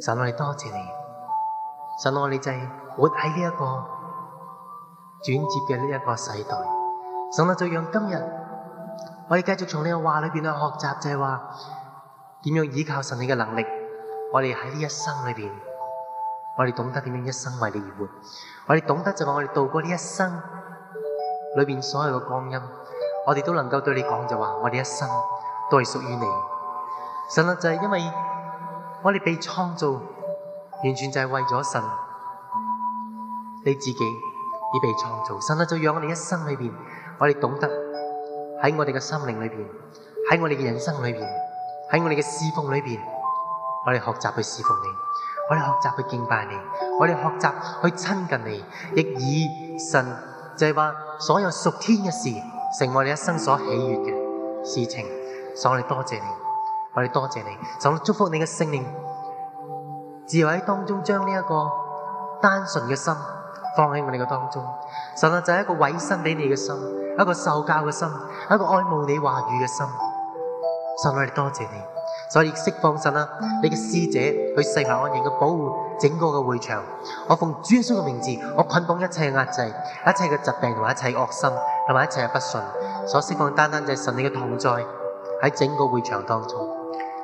神我哋多謝你，神我哋就係活喺呢一個轉折嘅呢一個世代，神就再讓今日我哋繼續從呢個話裏邊去學習，就係話點樣依靠神你嘅能力，我哋喺呢一生裏邊，我哋懂得點樣一生為你而活，我哋懂得就係我哋度過呢一生裏邊所有嘅光陰，我哋都能夠對你講就話我哋一生都係屬於你，神就係因為。我哋被創造，完全就係為咗神。你自己已被創造，神就讓我哋一生裏邊，我哋懂得喺我哋嘅心靈裏邊，喺我哋嘅人生裏邊，喺我哋嘅侍奉裏邊，我哋學習去侍奉你，我哋學習去敬拜你，我哋學習去親近你，亦以神就係、是、話所有屬天嘅事，成為我哋一生所喜悅嘅事情，所以我哋多謝你。我哋多謝你，神啊！祝福你嘅聖靈，自由喺當中將呢一個單純嘅心放喺我哋嘅當中，神啊！就係一個委身俾你嘅心，一個受教嘅心，一個愛慕你話語嘅心。神啊！我哋多謝你，所以釋放神啦！你嘅使者去四面安營嘅保護整個嘅會場。我奉主耶穌嘅名字，我捆綁一切嘅壓制、一切嘅疾病同埋一切惡心，同埋一切嘅不順，所釋放單單就係神你嘅同在喺整個會場當中。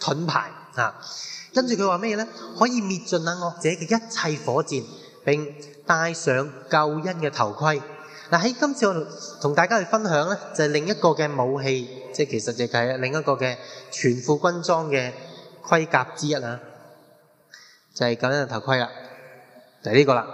盾牌啊，跟住佢話咩咧？可以滅盡啊惡者嘅一切火箭，並戴上救恩嘅頭盔。嗱、啊、喺今次我同大家去分享咧，就係另一個嘅武器，即係其實就係另一個嘅全副軍裝嘅盔甲之一啦，就係救恩嘅頭盔啦，就係呢個啦。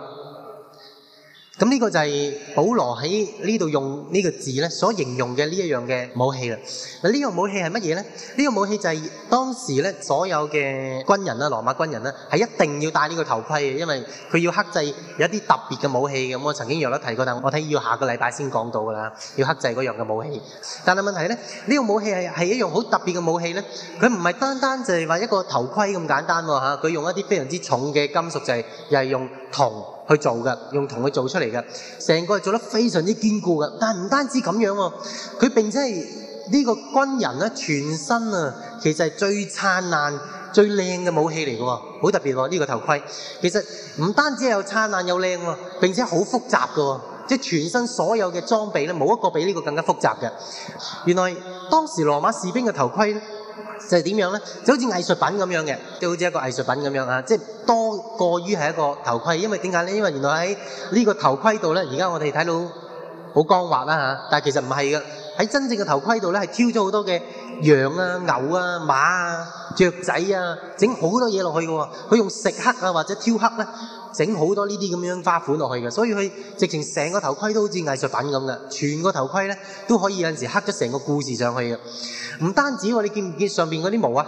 咁呢個就係保羅喺呢度用呢個字呢所形容嘅呢一樣嘅武器啦。嗱，呢樣武器係乜嘢呢？呢、這個武器就係當時呢所有嘅軍人啦、羅馬軍人啦，係一定要戴呢個頭盔，因為佢要克制有一啲特別嘅武器嘅。我曾經有得提過，但我睇要下個禮拜先講到噶啦，要克制嗰樣嘅武器。但係問題呢，呢、這個武器係一樣好特別嘅武器呢。佢唔係單單就係話一個頭盔咁簡單喎嚇。佢用一啲非常之重嘅金屬，就係又係用銅。去做嘅，用銅去做出嚟嘅，成個係做得非常之堅固嘅。但係唔單止咁樣喎，佢並且係呢個軍人全身啊，其實係最燦爛、最靚嘅武器嚟嘅喎，好特別喎，呢個頭盔。其實唔單止係又燦爛又靚喎，並且好複雜嘅喎，即全身所有嘅裝備呢，冇一個比呢個更加複雜嘅。原來當時羅馬士兵嘅頭盔就係點樣呢？就好似藝術品咁樣嘅，就好似一個藝術品咁樣啊！即係多過於係一個頭盔，因為點解呢？因為原來喺呢個頭盔度咧，而家我哋睇到好光滑啦，但其實唔係噶。喺真正嘅頭盔度咧，係雕咗好多嘅羊啊、牛啊、馬啊、雀仔啊，整好多嘢落去嘅喎。佢用石刻啊或者雕刻呢，整好多呢啲咁樣花款落去嘅。所以佢直情成個頭盔都好似藝術品咁嘅，全個頭盔咧都可以有陣時刻咗成個故事上去嘅。唔單止喎，你見唔見上面嗰啲毛啊？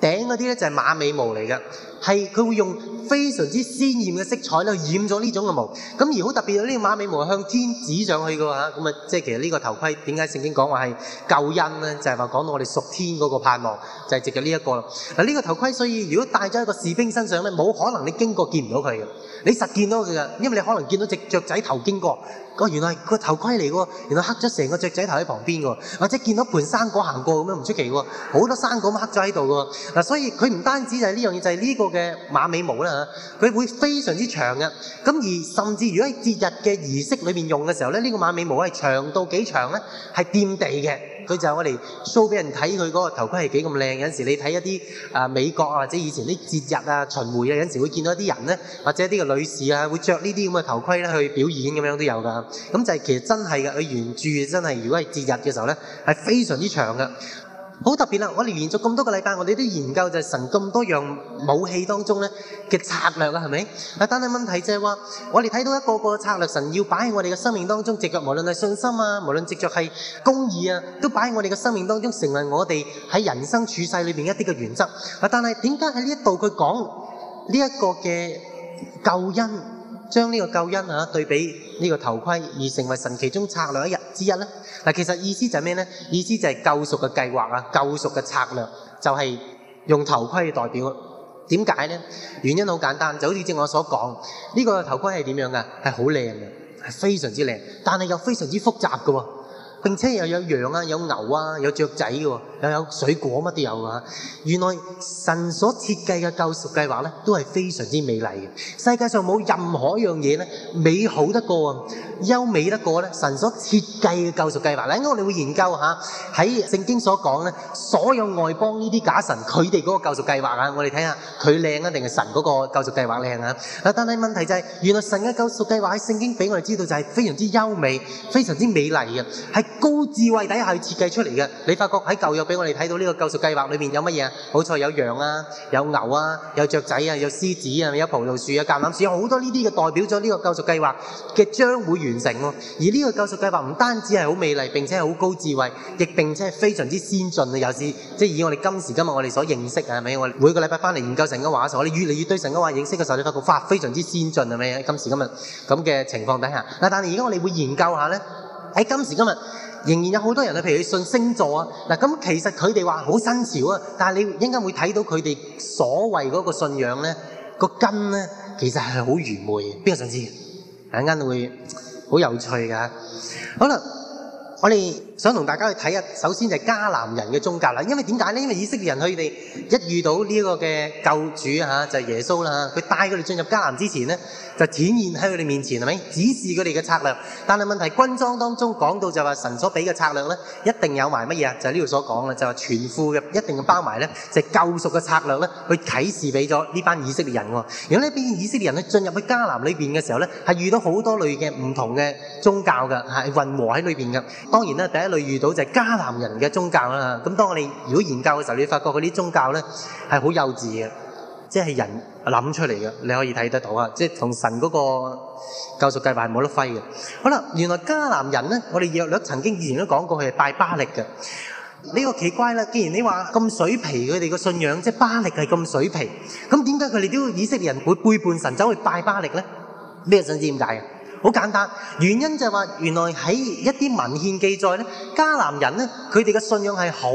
頂嗰啲咧就係馬尾毛嚟嘅，係佢會用非常之鮮豔嘅色彩去染咗呢種嘅毛。咁而好特別啊，呢、呢個馬尾毛向天指上去嘅喎嚇，咁啊即係其實呢個頭盔點解聖經講話係救恩呢？就係話講到我哋屬天嗰個盼望，就係藉著呢一個。嗱、這、呢個頭盔，所以如果戴咗喺個士兵身上咧，冇可能你經過見唔到佢嘅。你實見到佢噶，因為你可能見到一隻雀仔頭經過，哦，原來係個頭盔嚟喎，原來黑咗成個雀仔頭喺旁邊噶，或者見到盤生果行過咁樣，唔出奇喎，好多生果都黑咗喺度噶。所以佢唔單止就係呢樣嘢，就係、是、呢個嘅馬尾毛啦嚇，佢會非常之長嘅。咁而甚至如果喺節日嘅儀式裏面用嘅時候咧，呢、這個馬尾毛係長到幾長呢？係掂地嘅。佢就係我哋 show 俾人睇佢嗰個頭盔係幾咁靚，有陣時你睇一啲美國啊或者以前啲節日啊巡迴啊，有陣時會見到一啲人咧，或者一啲個女士啊會著呢啲咁嘅頭盔咧去表演咁樣都有㗎。咁就係其實真係㗎，佢原著真係如果係節日嘅時候咧，係非常之長㗎。好特別啦！我哋連續咁多個禮拜，我哋都研究就係神咁多樣武器當中咧嘅策略啊，係咪？但係問題就係、是、話，我哋睇到一個個策略，神要擺喺我哋嘅生命當中，藉着無論係信心啊，無論藉着係公義啊，都擺喺我哋嘅生命當中，成為我哋喺人生處世裡面一啲嘅原則。但係點解喺呢一度佢講呢一個嘅救恩？將呢個救恩啊，對比呢個頭盔，而成為神奇中策略一日之一咧。嗱，其實意思就係咩呢？意思就係救贖嘅計劃啊，救贖嘅策略就係用頭盔代表。點解呢？原因好簡單，就好似正我所講，呢個頭盔係點樣噶？係好靚嘅，係非常之靚，但係又非常之複雜噶。並且又有羊啊，有牛啊，有雀仔喎，又有水果，乜都有啊。原來神所設計嘅救贖計劃咧，都係非常之美麗嘅。世界上冇任何一樣嘢咧，美好得過啊，優美得過咧，神所設計嘅救贖計劃。嚟緊我哋會研究下，喺聖經所講咧，所有外邦呢啲假神，佢哋嗰個救贖計劃啊，我哋睇下佢靚啊，定係神嗰個救贖計劃靚啊。嗱，但係問題就係，原來神嘅救贖計劃喺聖經俾我哋知道就係非常之優美、非常之美麗嘅，喺。高智慧底下去設計出嚟嘅，你發覺喺舊約俾我哋睇到呢個救贖計劃裏面有乜嘢？好在有羊啊，有牛啊，有雀仔啊，有獅子啊，有葡萄樹啊，樹啊，橄欖樹啊，好多呢啲嘅代表咗呢個救贖計劃嘅將會完成咯。而呢個救贖計劃唔單止係好美麗，並且係好高智慧，亦並且係非常之先進，有時即以我哋今時今日我哋所認識嘅，係咪？我每個禮拜翻嚟研究神嘅話嘅時候，我哋越嚟越對神嘅話認識嘅時候，你發覺嘩非常之先進，係咪？今時今日咁嘅情況底下，嗱，但係而家我哋會研究下呢。喺今時今日仍然有好多人啊，譬如信星座啊，嗱咁其實佢哋話好新潮啊，但係你應該會睇到佢哋所謂嗰個信仰呢個根呢，其實係好愚昧嘅，邊個想知？應間會好有趣嘅，好啦，我哋。想同大家去睇下，首先就係迦南人嘅宗教啦。因為點解咧？因為以色列人佢哋一遇到呢個嘅救主嚇，就係、是、耶穌啦。佢帶佢哋進入迦南之前咧，就展現喺佢哋面前係咪？指示佢哋嘅策略。但係問題軍裝當中講到就話神所俾嘅策略咧，一定有埋乜嘢啊？就係呢度所講啦，就係、是、全副嘅一定包埋咧，就是、救贖嘅策略咧，佢啟示俾咗呢班以色列人喎。然後咧，啲以色列人去進入去迦南裏邊嘅時候咧，係遇到好多類嘅唔同嘅宗教㗎，係混和喺裏邊㗎。當然啦，第一。類遇到就係迦南人嘅宗教啦，咁當我哋如果研究嘅時候，你發覺佢啲宗教咧係好幼稚嘅，即係人諗出嚟嘅，你可以睇得到啊！即係同神嗰個救贖計劃係冇得揮嘅。好啦，原來迦南人咧，我哋約略曾經以前都講過，佢係拜巴力嘅。呢個奇怪啦，既然你話咁水皮，佢哋個信仰即係巴力係咁水皮，咁點解佢哋都以色列人會背叛神走去拜巴力咧？咩？想知點解啊？好簡單，原因就係話原來喺一啲文獻記載呢，迦南人呢，佢哋嘅信仰係好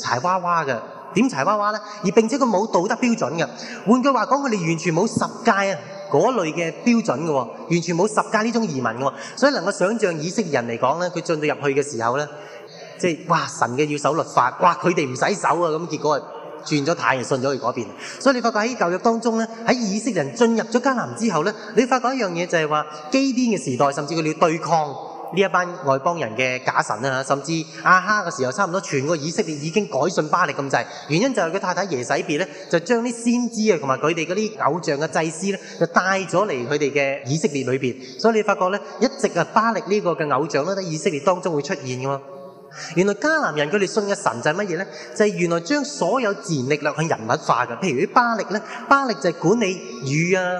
柴娃娃嘅，點柴娃娃呢？而並且佢冇道德標準嘅，換句話講，佢哋完全冇十戒啊嗰類嘅標準嘅喎，完全冇十戒呢種疑問嘅喎，所以能夠想像以色列人嚟講呢，佢進到入去嘅時候呢，即係，哇神嘅要守律法，哇佢哋唔使守啊咁，結果啊～轉咗太，太信咗去嗰邊，所以你發覺喺舊約當中呢，喺以色列人進入咗迦南之後呢，你發覺一樣嘢就係話，基甸嘅時代甚至佢哋對抗呢一班外邦人嘅假神啊，甚至亞、啊、哈嘅時候，差唔多全個以色列已經改信巴力咁滯。原因就係佢太太耶洗別咧，就將啲先知啊同埋佢哋嗰啲偶像嘅祭司咧，就帶咗嚟佢哋嘅以色列裏邊。所以你發覺咧，一直啊巴力呢個嘅偶像咧，喺以色列當中會出現噶嘛。原來迦南人佢哋信嘅神就係乜嘢呢？就係、是、原來將所有自然力量向人物化嘅，譬如巴力呢，巴力就係管理雨啊、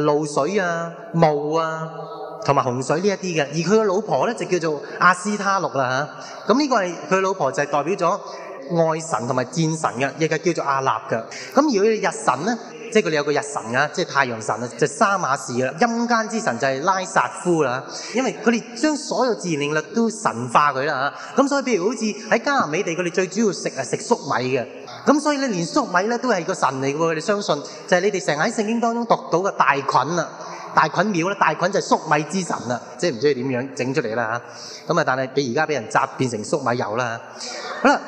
露水啊、霧啊同埋洪水呢一啲嘅。而佢嘅老婆呢，就叫做阿斯塔錄啦吓。咁、這、呢個係佢老婆就係代表咗愛神同埋戰神嘅，亦係叫做阿納嘅。咁而佢嘅日神呢？即係佢哋有個日神啊，即係太陽神啊，就係沙馬士啦。陰間之神就係拉撒夫啦。因為佢哋將所有自然定律都神化佢啦啊。咁所以譬如好似喺迦南美地，佢哋最主要食係食粟米嘅。咁所以咧，連粟米咧都係個神嚟嘅喎。你相信就係你哋成日喺聖經當中讀到嘅大菌啊。大菌廟咧，大菌就係粟米之神啊。即係唔知佢點樣整出嚟啦啊。咁啊，但係俾而家俾人榨變成粟米油啦。好啦，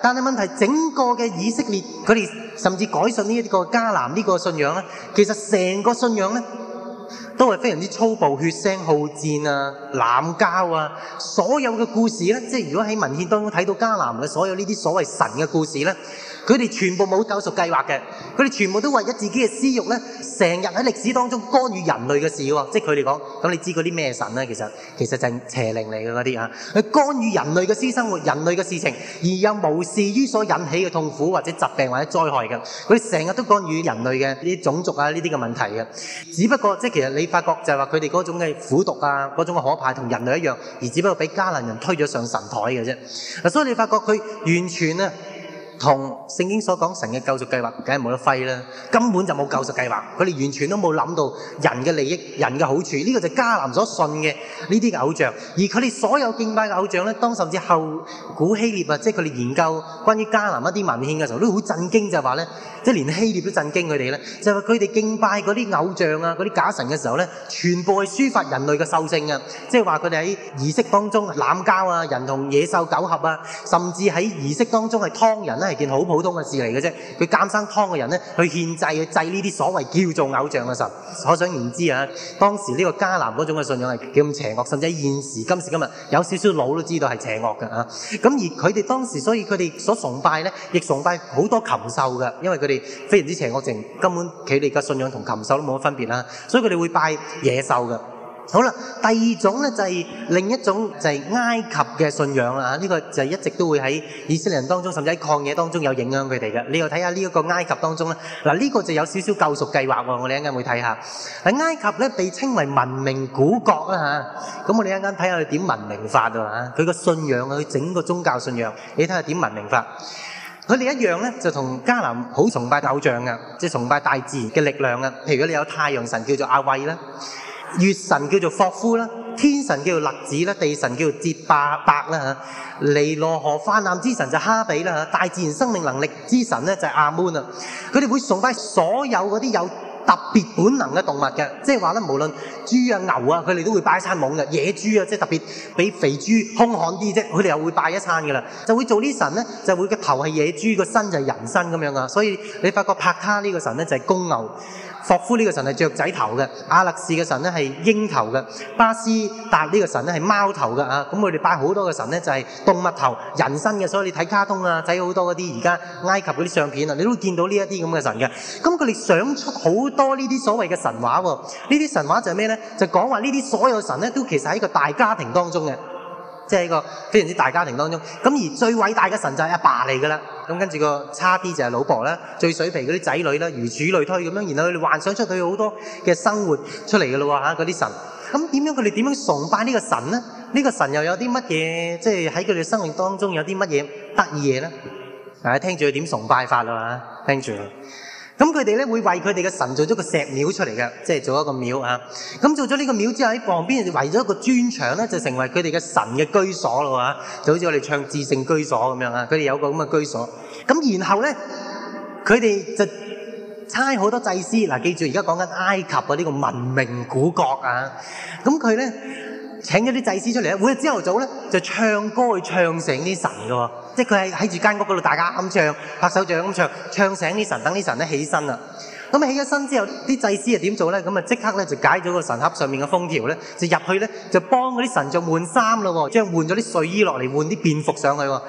但係問題是，整個嘅以色列佢哋甚至改信呢一個迦南呢個信仰咧，其實成個信仰呢，都係非常之粗暴、血腥、好戰啊、濫交啊，所有嘅故事呢，即如果喺文獻當中睇到迦南嘅所有呢啲所謂神嘅故事呢。佢哋全部冇救贖計劃嘅，佢哋全部都為咗自己嘅私欲呢，成日喺歷史當中干預人類嘅事喎。即係佢哋講，咁你知佢啲咩神呢？其實其實就係邪靈嚟嘅嗰啲啊，去干預人類嘅私生活、人類嘅事情，而又無視於所引起嘅痛苦或者疾病或者災害嘅。佢成日都干預人類嘅呢種族啊呢啲嘅問題嘅。只不過即係其實你發覺就係話佢哋嗰種嘅苦毒啊，嗰種嘅可怕同人類一樣，而只不過俾迦南人推咗上神台嘅啫。所以你發覺佢完全啊～同聖經所講神嘅救贖計劃梗係冇得揮啦！根本就冇救贖計劃，佢哋完全都冇諗到人嘅利益、人嘅好處呢，這個就迦南所信嘅呢啲偶像，而佢哋所有敬拜嘅偶像咧，當甚至後古希臘啊，即係佢哋研究關於迦南一啲文獻嘅時候，都好震驚，就係話咧，即係連希臘都震驚佢哋咧，就係佢哋敬拜嗰啲偶像啊、嗰啲假神嘅時候咧，全部係抒發人類嘅獸性啊！即係話佢哋喺儀式當中濫交啊、人同野獸苟合啊，甚至喺儀式當中係劏人。係件好普通嘅事嚟嘅啫，佢監生湯嘅人咧，去獻祭去祭呢啲所謂叫做偶像嘅神。可想而知啊，當時呢個迦南嗰種嘅信仰係幾咁邪惡，甚至係現時今時今日有少少腦都知道係邪惡嘅咁，啊、而佢哋當時，所以佢哋所崇拜咧，亦崇拜好多禽獸嘅，因為佢哋非常之邪惡，淨根本佢哋嘅信仰同禽獸都冇乜分別啦。所以佢哋會拜野獸嘅。好啦，第二種咧就係另一種就係埃及嘅信仰啦嚇，呢個就係一直都會喺以色列人當中，甚至喺曠野當中有影響佢哋嘅。你要睇下呢一個埃及當中啦，嗱呢個就有少少救贖計劃喎。我哋一陣會睇下喺埃及咧，被稱為文明古國啦嚇。咁我哋一陣睇下佢點文明法啊？佢個信仰，佢整個宗教信仰，你睇下點文明法？佢哋一樣咧就同迦南好崇拜偶像嘅，即係崇拜大自然嘅力量嘅。譬如如果你有太陽神叫做阿惠咧。月神叫做霍夫啦，天神叫，叫做勒子啦，地神叫做哲巴伯啦，尼羅河泛濫之神就是哈比啦，大自然生命能力之神咧就是阿蒙啊，佢哋會崇拜所有嗰啲有特別本能嘅動物嘅，即係話咧無論豬啊牛啊，佢哋都會拜一餐懵嘅，野豬啊即係特別比肥豬凶悍啲啫，佢哋又會拜一餐噶啦，就會做呢神呢，就會個頭係野豬個身就係人身咁樣啊，所以你發覺帕卡呢個神呢，就係公牛。霍夫呢個神係雀仔頭嘅，阿勒士嘅神咧係鷹頭嘅，巴斯達呢個神咧係貓頭嘅啊！咁佢哋拜好多嘅神呢，就係動物頭、人身嘅，所以你睇卡通啊，仔好多嗰啲而家埃及嗰啲相片啊，你都見到呢一啲咁嘅神嘅。咁佢哋想出好多呢啲所謂嘅神話喎，呢啲神話就係咩呢？就講話呢啲所有神呢，都其實喺個大家庭當中嘅，即係一個非常之大家庭當中。咁而最偉大嘅神就係阿爸嚟㗎啦。咁跟住個差啲就係老婆啦，最水皮嗰啲仔女啦，如此類推咁樣，然後佢哋幻想出佢好多嘅生活出嚟嘅咯喎嚇，嗰啲神，咁點樣佢哋點樣崇拜呢個神咧？呢個神又有啲乜嘢？即係喺佢哋生命當中有啲乜嘢得意嘢咧？大家聽住佢點崇拜法啦嚇，聽住。咁佢哋咧會為佢哋嘅神做咗個石廟出嚟嘅，即係做一個廟啊！咁做咗呢個廟之後，喺旁邊圍咗一個磚牆咧，就成為佢哋嘅神嘅居所咯嚇，就好似我哋唱至聖居所咁樣啊！佢哋有個咁嘅居所。咁然後呢，佢哋就差好多祭司。嗱，記住而家講緊埃及啊呢個文明古國啊，咁佢咧請咗啲祭司出嚟，每日朝頭早咧就唱歌去唱醒啲神嘅喎。即係佢喺喺住間屋嗰度，大家啱唱拍手掌咁唱，唱醒啲神，等啲神都起身啦。咁起咗身之後，啲祭司又點做咧？咁啊即刻咧就解咗個神盒上面嘅封條咧，就入去咧就幫嗰啲神像換衫即係換咗啲睡衣落嚟換啲便服上去喎。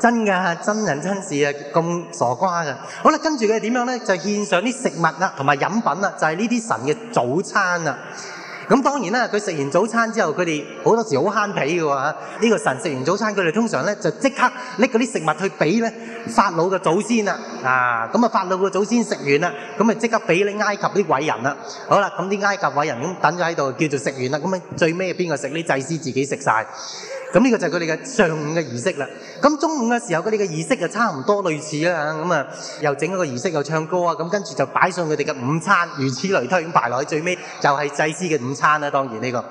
真㗎、啊，真人真事啊，咁傻瓜㗎。好啦，跟住佢係點樣咧？就獻上啲食物啦，同埋飲品啦，就係呢啲神嘅早餐啦。咁當然啦，佢食完早餐之後，佢哋好多時好慳皮嘅喎嚇。呢個神食完早餐，佢哋通常咧就即刻搦嗰啲食物去俾咧法老嘅祖先啦。啊，咁啊法老嘅祖先食完啦，咁啊即刻俾咧埃及啲偉人啦。好啦，咁啲埃及偉人咁等咗喺度，叫做食完啦。咁啊最尾邊個食？啲祭司自己食曬。咁呢個就係佢哋嘅上午嘅儀式啦。咁中午嘅時候，佢哋嘅儀式就差唔多類似啦。咁啊，又整一個儀式，又唱歌啊。咁跟住就擺上佢哋嘅午餐，如此類推。咁排落去最尾，就係祭司嘅午餐啦。當然呢個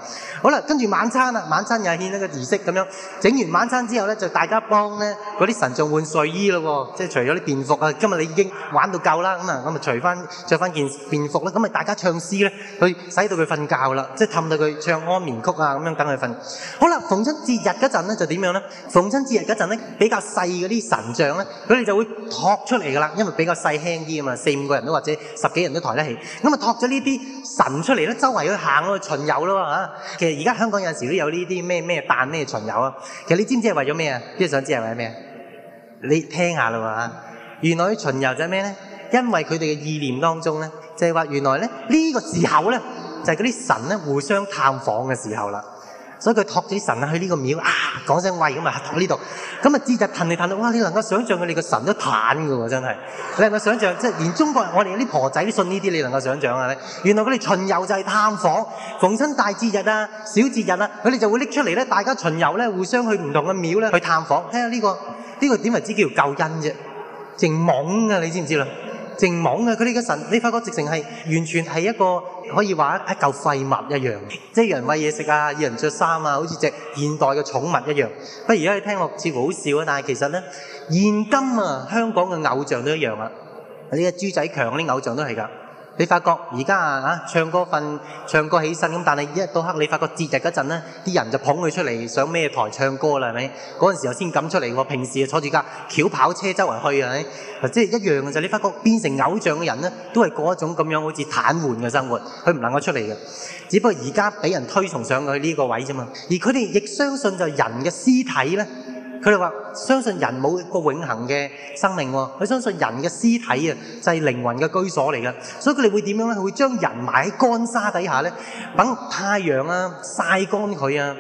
好啦。跟住晚餐啦，晚餐又係牽一個儀式咁樣。整完晚餐之後呢，就大家幫呢嗰啲神像換睡衣咯。即係除咗啲便服啊，今日你已經玩到夠啦。咁啊，咁啊，除翻著翻件便服啦。咁啊，大家唱詩呢，去使到佢瞓覺啦。即係氹到佢唱安眠曲啊，咁樣等佢瞓。好啦，逢春節逢親節日嗰陣咧，比較細嗰啲神像咧，佢哋就會托出嚟噶啦，因為比較細輕啲嘛，四五個人都或者十幾人都抬得起，咁啊托咗呢啲神出嚟咧，周圍去行咯巡遊咯、啊、其實而家香港有陣時都有呢啲咩咩誕咩巡遊啊。其實你知唔知係為咗咩啊？即想知係為咩？你聽下啦，原來巡遊就係咩咧？因為佢哋嘅意念當中咧，就係、是、話原來咧呢、這個時候咧，就係嗰啲神咧互相探訪嘅時候啦。所以佢託住啲神去呢個廟講、啊、聲喂咁啊託喺呢度，咁啊節日騰嚟騰到，哇！你能夠想象佢哋個神都攤嘅喎，真係你能夠想象，即係連中國人我哋啲婆仔信呢啲，你能夠想象啊？原來佢哋巡遊就係探訪，逢親大節日啊、小節日啊，佢哋就會拎出嚟大家巡遊呢，互相去唔同嘅廟咧去探訪。睇下、這個這個、呢個呢個點為之叫救恩啫，勁懵嘅你知唔知啦？淨懵啊！佢哋嘅神，你發覺直情係完全係一個可以話一嚿廢物一樣的，即係有人餵嘢食啊，有人著衫啊，好似隻現代嘅寵物一樣。不過而家你聽落似乎好笑啊，但係其實咧，現今啊，香港嘅偶像都一樣啊，啲阿豬仔強嗰啲偶像都係㗎。你發覺而家啊，唱歌瞓，唱歌起身咁，但係一到黑你發覺節日嗰陣咧，啲人就捧佢出嚟上咩台唱歌啦，係咪？嗰陣時候先敢出嚟。我平時啊坐住架轎跑車周圍去係咪？即係、就是、一樣嘅啫。你發覺變成偶像嘅人咧，都係過一種咁樣好似癱瘓嘅生活，佢唔能夠出嚟嘅。只不過而家俾人推崇上去呢個位啫嘛。而佢哋亦相信就人嘅屍體咧。佢哋話相信人冇一個永恆嘅生命喎，佢相信人嘅屍體啊就係靈魂嘅居所嚟噶，所以佢哋會點樣咧？佢會將人埋喺乾沙底下咧，等太陽啊曬乾佢啊，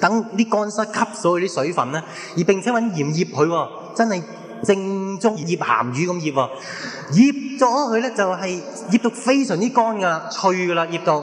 等啲乾沙吸咗佢啲水分啦，而並且揾鹽醃佢喎，真係正宗醃鹹魚咁醃喎，醃咗佢咧就係醃到非常之乾噶，脆噶啦醃到。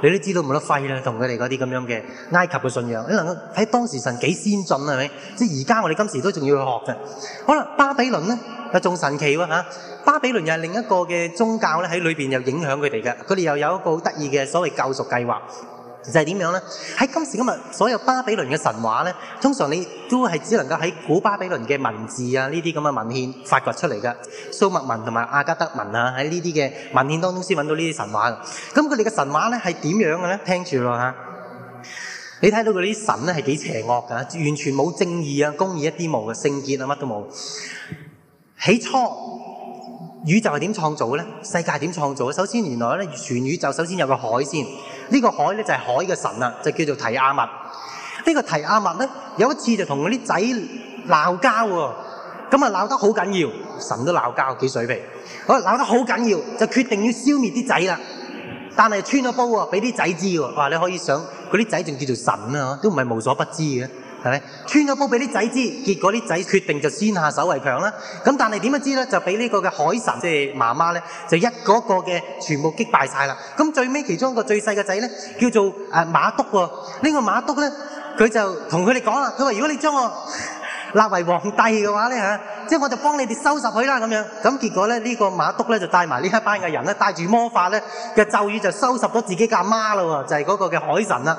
你都知道冇得廢啦，同佢哋嗰啲咁樣嘅埃及嘅信仰，你能夠喺當時神幾先進係咪？即而家我哋今時都仲要去學嘅。好啦，巴比倫呢，又仲神奇喎。巴比倫又係另一個嘅宗教咧，喺裏邊又影響佢哋嘅，佢哋又有一個好得意嘅所謂救贖計劃。就係點樣咧？喺今時今日，所有巴比倫嘅神話咧，通常你都係只能夠喺古巴比倫嘅文字啊，呢啲咁嘅文獻發掘出嚟㗎，蘇墨文同埋阿加德文啊，喺呢啲嘅文獻當中先揾到呢啲神話。咁佢哋嘅神話咧係點樣嘅咧？聽住咯嚇。你睇到佢哋啲神咧係幾邪惡㗎？完全冇正義啊，公義一啲冇嘅，聖潔啊乜都冇。起初宇宙係點創造咧？世界點創造？首先原來咧，全宇宙首先有個海先。呢個海咧就係海嘅神啦，就叫做提亞物。呢、這個提亞物咧有一次就同嗰啲仔鬧交喎，咁啊鬧得好緊要，神都鬧交，幾水平？好、嗯、鬧得好緊要，就決定要消滅啲仔啦。但係穿咗煲喎，俾啲仔知喎，你可以想，嗰啲仔仲叫做神啊，都唔係無所不知嘅。係咪？穿咗煲俾啲仔知，結果啲仔決定就先下手為強啦。咁但係點啊知呢？就俾呢個嘅海神，即係媽媽咧，就一個一個嘅全部擊敗曬啦。咁最尾其中一個最細嘅仔咧，叫做誒馬督喎。呢個馬督呢，佢就同佢哋講啦，佢話：如果你將我立為皇帝嘅話呢。」即係我就幫你哋收拾佢啦咁樣，咁結果咧呢、呢個馬督咧就帶埋呢一班嘅人咧，帶住魔法咧嘅咒語就收拾咗自己嘅阿媽啦喎，就係、係、嗰個嘅海神啦。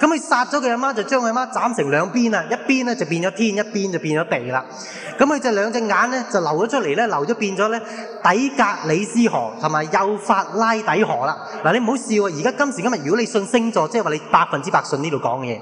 咁佢殺咗佢阿媽，就將佢阿媽斬成兩邊啦，一邊咧就變咗天，一邊就變咗地啦。咁佢就兩隻眼咧就流咗出嚟咧，流咗變咗咧底格里斯河同埋幼發拉底河啦。嗱，你唔好笑喎，而家今時今日如果你信星座，即係話你百分之百信呢度講嘅嘢。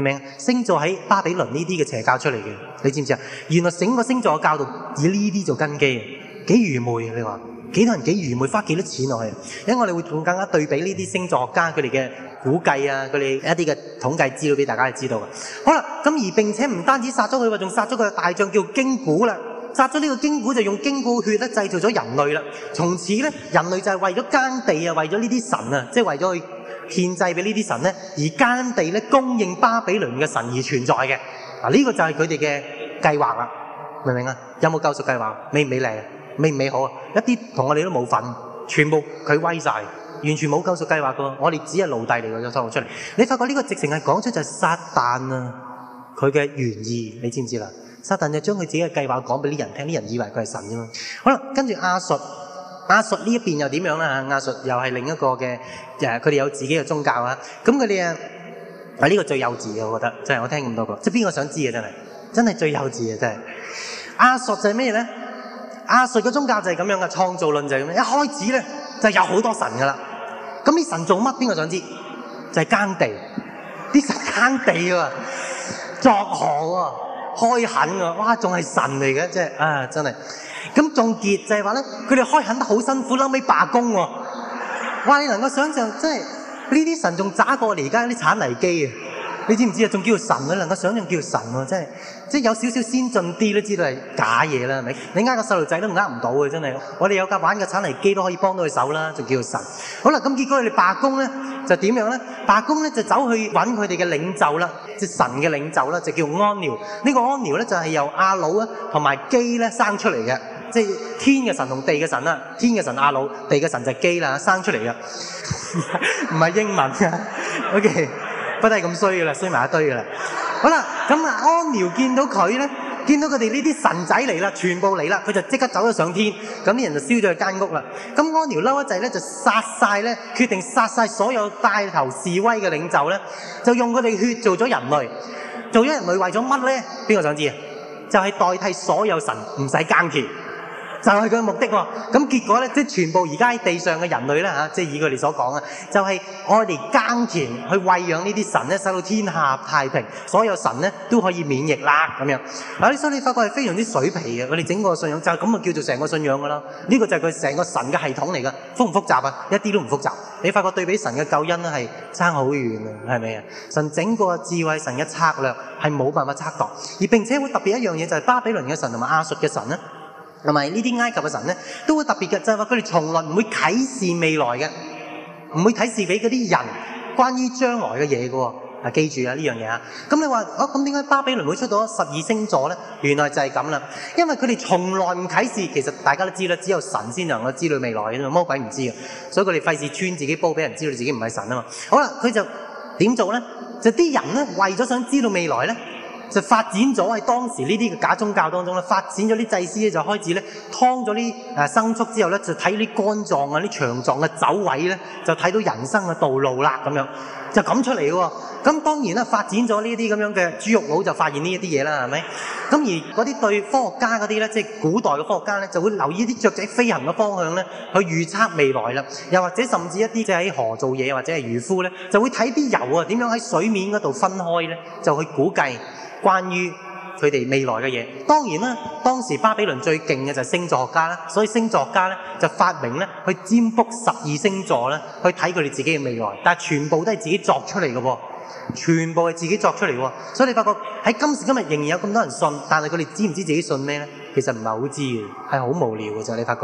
明唔明？星座喺巴比倫呢啲嘅邪教出嚟嘅，你知唔知啊？原來整個星座教導以呢啲做根基，幾愚昧你話？幾多，多人幾愚昧，花幾多錢落去？因為我哋會更加對比呢啲星座家佢哋嘅估計啊，佢哋一啲嘅統計資料俾大家知道。好啦，咁而並且唔單止殺咗佢話，仲殺咗佢個大將叫金古啦，殺咗呢個金古就用金古血嚟製造咗人類啦。從此呢，人類就係為咗耕地啊，為咗呢啲神啊，即係為咗獻祭俾呢啲神咧，而耕地咧，供應巴比倫嘅神而存在嘅。嗱、啊、呢、呢個就係佢哋嘅計劃啦，明唔明啊？有冇救贖計劃？美唔美麗？美唔美好啊？一啲同我哋都冇份，全部佢威晒，完全冇救贖計劃噶，我哋只係奴隸嚟噶，就透露出嚟。你發覺呢個直情係講出就係撒旦啊，佢嘅原意，你知唔知啦？撒旦就將佢自己嘅計劃講俾啲人聽，啲人以為佢係神啫嘛。好啦，跟住亞述。阿術呢一邊又點樣呢？阿術又係另一個嘅，誒，佢哋有自己嘅宗教他們啊。咁佢哋啊，呢個最幼稚嘅，我覺得，真、就、係、是、我聽咁多個，即係邊個想知啊？真係，真係最幼稚啊！真係，阿術就係咩呢？阿術嘅宗教就係咁樣噶，創造論就係咁樣，一開始咧就是、有好多神噶啦。咁啲神做乜？邊個想知道？就係、是、耕地，啲神耕地啊，作何啊？開墾喎、啊，哇！仲係神嚟嘅，即係啊，真係。咁總結就係話咧，佢哋開墾得好辛苦，後尾罷工喎、啊。哇！你能夠想象，即係呢啲神仲揸過我哋，而家啲鏟泥機啊！你知唔知啊？仲叫做神咧？能夠想象叫做神喎，即係即係有少少先進啲都知道係假嘢啦，係咪？你呃個細路仔都呃唔到嘅，真係。我哋有架玩嘅鏟泥機都可以幫到佢手啦，仲叫做神。好啦，咁結果佢哋罷工咧，就點樣咧？罷工咧就走去揾佢哋嘅領袖啦，即係神嘅領袖啦，就叫安尿。呢個安尿咧就係由亞魯啊同埋基咧生出嚟嘅，即係天嘅神同地嘅神啦。天嘅神亞魯，地嘅神就基啦，生出嚟嘅，唔係英文嘅。OK。不都係咁衰噶啦，衰埋一堆噶啦。 好啦，咁阿安苗見到佢咧，見到佢哋呢啲神仔嚟啦，全部嚟啦，佢就即刻走咗上天。咁啲人就燒咗間屋啦。咁安苗嬲一陣咧，就殺曬咧，決定殺曬所有帶頭示威嘅領袖咧，就用佢哋血做咗人類，做咗人類為咗乜咧？邊個想知啊？就係、是、代替所有神，唔使耕田。就係佢目的喎，咁結果呢，即全部而家喺地上嘅人類呢，即以佢哋所講啊，就係我哋耕田去喂養呢啲神咧，使到天下太平，所有神呢都可以免疫啦咁樣。所以你發覺係非常之水皮嘅，我哋整個信仰就係、是、咁叫做成個信仰噶啦。呢、這個就係佢成個神嘅系統嚟噶，複唔複雜啊？一啲都唔複雜。你發覺對比神嘅救恩咧，係差好遠嘅，係咪啊？神整個智慧、神嘅策略係冇辦法測度，而並且好特別一樣嘢就係、是、巴比倫嘅神同埋亞述嘅神呢。同埋呢啲埃及嘅神咧，都好特別嘅，就係話佢哋從來唔會啟示未來嘅，唔會啟示俾嗰啲人關於將來嘅嘢嘅喎。啊，記住啊呢樣嘢啊！咁你話啊，咁點解巴比倫會出到十二星座咧？原來就係咁啦，因為佢哋從來唔啟示，其實大家都知啦，只有神先能夠知道未來，魔鬼唔知嘅，所以佢哋費事穿自己煲俾人知道自己唔係神啊嘛。好啦，佢就點做呢？就啲人咧，為咗想知道未來呢。就發展咗喺當時呢啲嘅假宗教當中咧，發展咗啲祭司就開始呢劏咗啲牲畜之後呢，就睇啲肝臟啊、啲腸臟嘅走位呢，就睇到人生嘅道路啦咁樣。就咁出嚟嘅喎，咁當然啦，發展咗呢一啲咁樣嘅豬肉佬就發現呢一啲嘢啦，係咪？咁而嗰啲對科學家嗰啲呢，即係古代嘅科學家呢，就會留意啲雀仔飛行嘅方向呢，去預測未來啦。又或者甚至一啲即係喺河做嘢或者係漁夫呢，就會睇啲油啊點樣喺水面嗰度分開呢，就去估計關於佢哋未來嘅嘢，當然啦。當時巴比倫最勁嘅就係星座學家啦，所以星座家呢，就發明呢，去占卜十二星座呢，去睇佢哋自己嘅未來。但係全部都係自己作出嚟嘅喎，全部係自己作出嚟喎。所以你發覺喺今時今日仍然有咁多人信，但係佢哋知唔知自己信咩呢？其實唔係好知嘅，係好無聊嘅啫。你發覺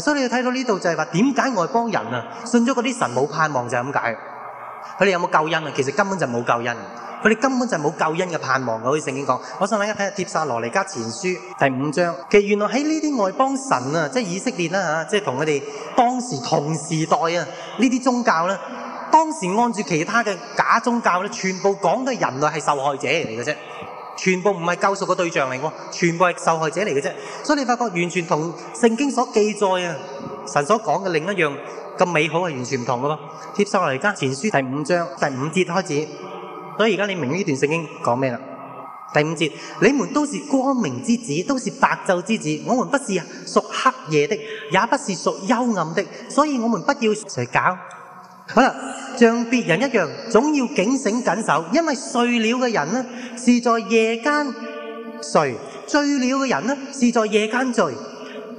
所以你要睇到呢度就係話點解外邦人啊信咗嗰啲神冇盼望，就係咁解。佢哋有冇救恩啊？其實根本就冇救恩，佢哋根本就冇救恩嘅盼望。噶，好似聖經講，我想而家睇下帖撒羅尼迦前書第五章，其實原來喺呢啲外邦神啊，即以色列啦、啊、吓，即係同佢哋當時同時代啊，呢啲宗教呢、啊，當時按住其他嘅假宗教呢、啊，全部講都係人類係受害者嚟嘅啫，全部唔係救贖嘅對象嚟、啊、嘅，全部係受害者嚟嘅啫。所以你發覺完全同聖經所記載啊，神所講嘅另一樣。咁美好係完全唔同噶咯，接受我哋而家前書第五章第五節開始，所以而家你明呢段聖經講咩啦？第五節，你們都是光明之子，都是白晝之子，我們不是屬黑夜的，也不是屬幽暗的，所以我們不要睡覺，好啦，像別人一樣，總要警醒謹守，因為睡了嘅人呢，是在夜間睡，醉了嘅人呢，是在夜間醉，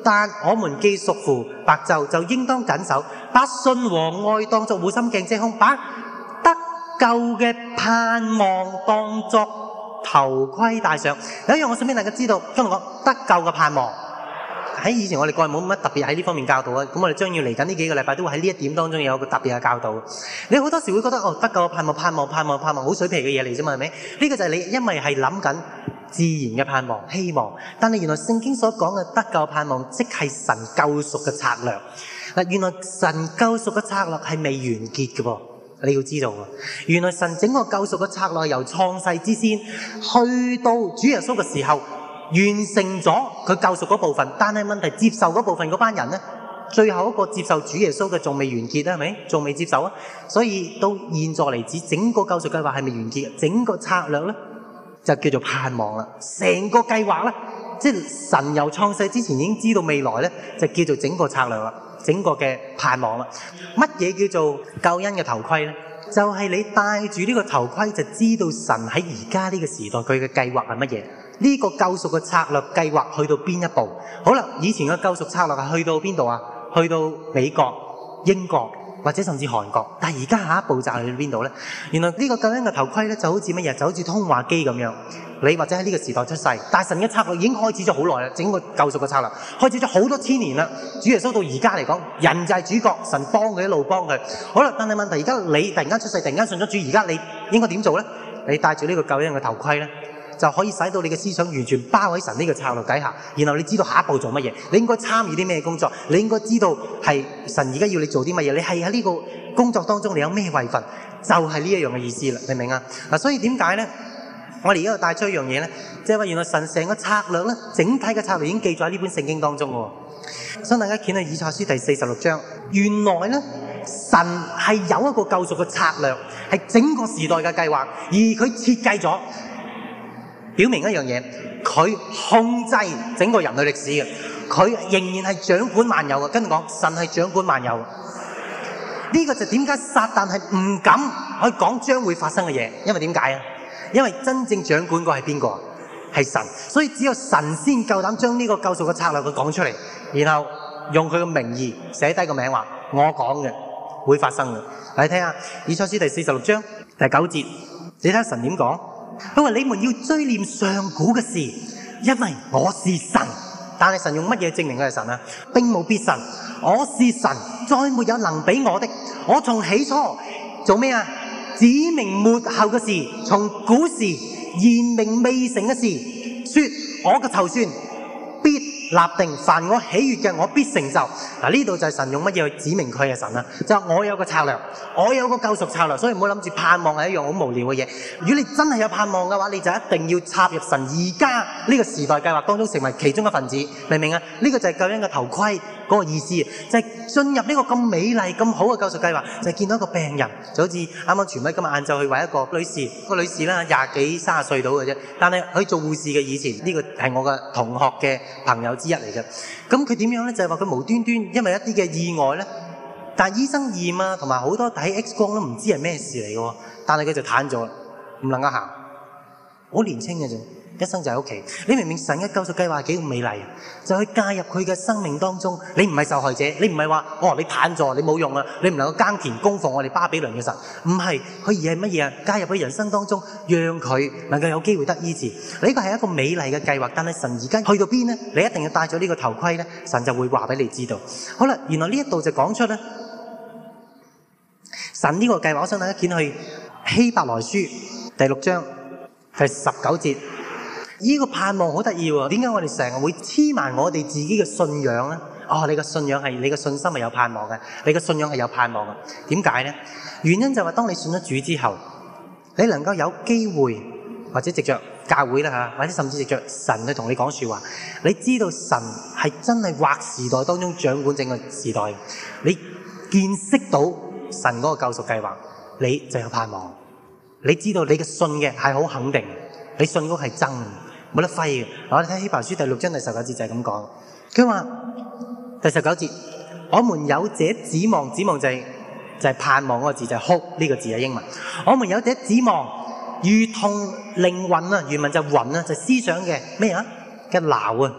但我們既屬乎白晝，就應當謹守。把信和愛當作護心鏡遮胸，把得救嘅盼望當作頭盔戴上。有一樣，我想俾大家知道，即係我得救嘅盼望。喺以前我哋過去冇乜特別喺呢方面教導嘅，咁我哋將要嚟緊呢幾個禮拜都會喺呢一點當中有一個特別嘅教導。你好多時會覺得哦，得救嘅盼望、盼望、盼望、盼望，好水皮嘅嘢嚟啫嘛，係咪？呢、這個就係你因為係諗緊自然嘅盼望、希望，但係原來聖經所講嘅得救的盼望，即係神救贖嘅策略。原來神救贖嘅策略係未完結嘅噃，你要知道啊。原來神整個救贖嘅策略，由創世之先去到主耶穌嘅時候，完成咗佢救贖嗰部分。但係問題是接受嗰部分嗰班人呢，最後一個接受主耶穌嘅，仲未完結啊？係咪？仲未接受啊？所以到現在嚟止，整個救贖計劃係未完結，整個策略呢，就叫做盼望啦。成個計劃呢，即神由創世之前已經知道未來呢，就叫做整個策略啦。整個嘅盼望啦，乜嘢叫做救恩嘅頭盔咧？就係你戴住呢個頭盔，就知道神喺而家呢個時代佢嘅計劃係乜嘢？呢個救贖嘅策略計劃去到邊一步？好啦，以前嘅救贖策略係去到邊度啊？去到美國、英國。或者甚至韓國，但係而家下一步驟去邊度呢？原來呢個救恩嘅頭盔咧，就好似乜嘢？就好似通話機咁樣。你或者喺呢個時代出世，但神嘅策略已經開始咗好耐啦，整個救贖嘅策略開始咗好多千年啦。主耶穌到而家嚟講，人就係主角，神幫佢一路幫佢。好啦，但係問題而家你突然間出世，突然間信咗主，而家你應該點做呢？你戴住呢個救恩嘅頭盔呢，就可以使到你嘅思想完全包喺神呢個策略底下，然後你知道下一步做乜嘢，你應該參與啲咩工作，你應該知道係神而家要你做啲乜嘢，你係喺呢個工作當中你有咩位份，就係呢一樣嘅意思啦，明唔明啊？嗱，所以點解咧？我哋而家帶出一樣嘢咧，即係話原來神成個策略咧，整體嘅策略已經記載喺呢本聖經當中。所以大家見到以賽書第四十六章，原來咧，神係有一個救贖嘅策略，係整個時代嘅計劃，而佢設計咗。表明一樣嘢，佢控制整個人類歷史嘅，佢仍然係掌管萬有嘅。跟住講，神係掌管萬有。呢個就點解撒但係唔敢去講將會發生嘅嘢？因為點解啊？因為真正掌管嘅係邊個啊？係神。所以只有神先夠膽將呢個救贖嘅策略，佢講出嚟，然後用佢嘅名義寫低個名話：我講嘅會發生嘅。嚟聽下《以賽亞書》第四十六章第九節，你睇下神點講。佢話你們要追念上古嘅事，因為我是神。但係神用乜嘢證明佢係神啊？並無別神，我是神，再沒有能比我的。我從起初做咩啊？指明末後嘅事，從古時言明未成嘅事，說我嘅籌算必立定，凡我喜悅嘅，我必成就，嗱，呢度就係神用乜嘢去指明佢係神啦？就是、我有個策略，我有個救贖策略，所以唔好諗住盼望係一樣好無聊嘅嘢。如果你真係有盼望嘅話，你就一定要插入神而家呢個時代計劃當中，成為其中一份子。明唔明啊？呢、這個就係救恩嘅頭盔嗰、那個意思，就係、是、進入呢個咁美麗、咁好嘅救贖計劃，就是、見到一個病人，就好似啱啱傳畢今日晏晝去為一個女士，那個女士啦廿幾、卅歲度嘅啫，但係佢做護士嘅以前，呢、這個係我嘅同學嘅朋友。之一嚟嘅，咁佢點樣呢？就係話佢無端端因為一啲嘅意外呢，但係醫生驗啊，同埋好多睇 X 光都唔知係咩事嚟嘅，但係佢就癱咗，唔能夠行，好年輕嘅啫。一生就喺屋企，你明明神嘅救贖計劃幾美麗，就去介入佢嘅生命當中。你唔係受害者，你唔係話哦，你癱咗，你冇用啊，你唔能夠耕田、供奉我哋巴比倫嘅神，唔係，佢而係乜嘢啊？介入佢人生當中，讓佢能夠有機會得醫治。呢個係一個美麗嘅計劃，但係神而家去到邊呢？你一定要戴咗呢個頭盔呢，神就會話俾你知道。好啦，原來呢一度就講出啦。神呢個計劃，我想大家檢去希伯來書第六章第十九節。呢個盼望好得意喎。點解我哋成日會黐埋我哋自己嘅信仰呢？哦，你嘅信仰係你嘅信心係有盼望嘅，你嘅信仰係有盼望嘅。點解呢？原因就係當你信咗主之後，你能夠有機會或者藉著教會啦，或者甚至藉著神去同你講説話，你知道神係真係劃時代當中掌管整個時代，你見識到神嗰個救贖計劃，你就有盼望。你知道你嘅信嘅係好肯定，你信嗰係真的。冇得廢嘅，我哋睇希伯來書第六章第十九節就係咁講，佢話第十九節，我們有這指望，指望就係、是、就係、是、盼望嗰個字，就係 hope 呢個字啊英文，我們有這指望，如同靈魂啊，原文就是魂啊，就是、思想嘅咩啊嘅錨啊，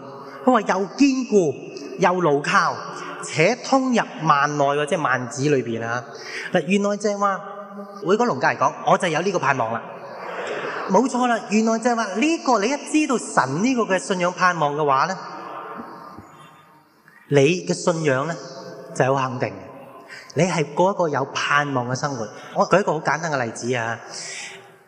佢話又堅固又牢靠，且通入幔內，即係幔子裏邊啊，原來即係話，我依家龍哥嚟講，我就有呢個盼望啦。冇錯啦，原來就係話呢個你一知道神呢個嘅信仰盼望嘅話呢，你嘅信仰呢就好肯定，你係過一個有盼望嘅生活。我舉一個好簡單嘅例子啊，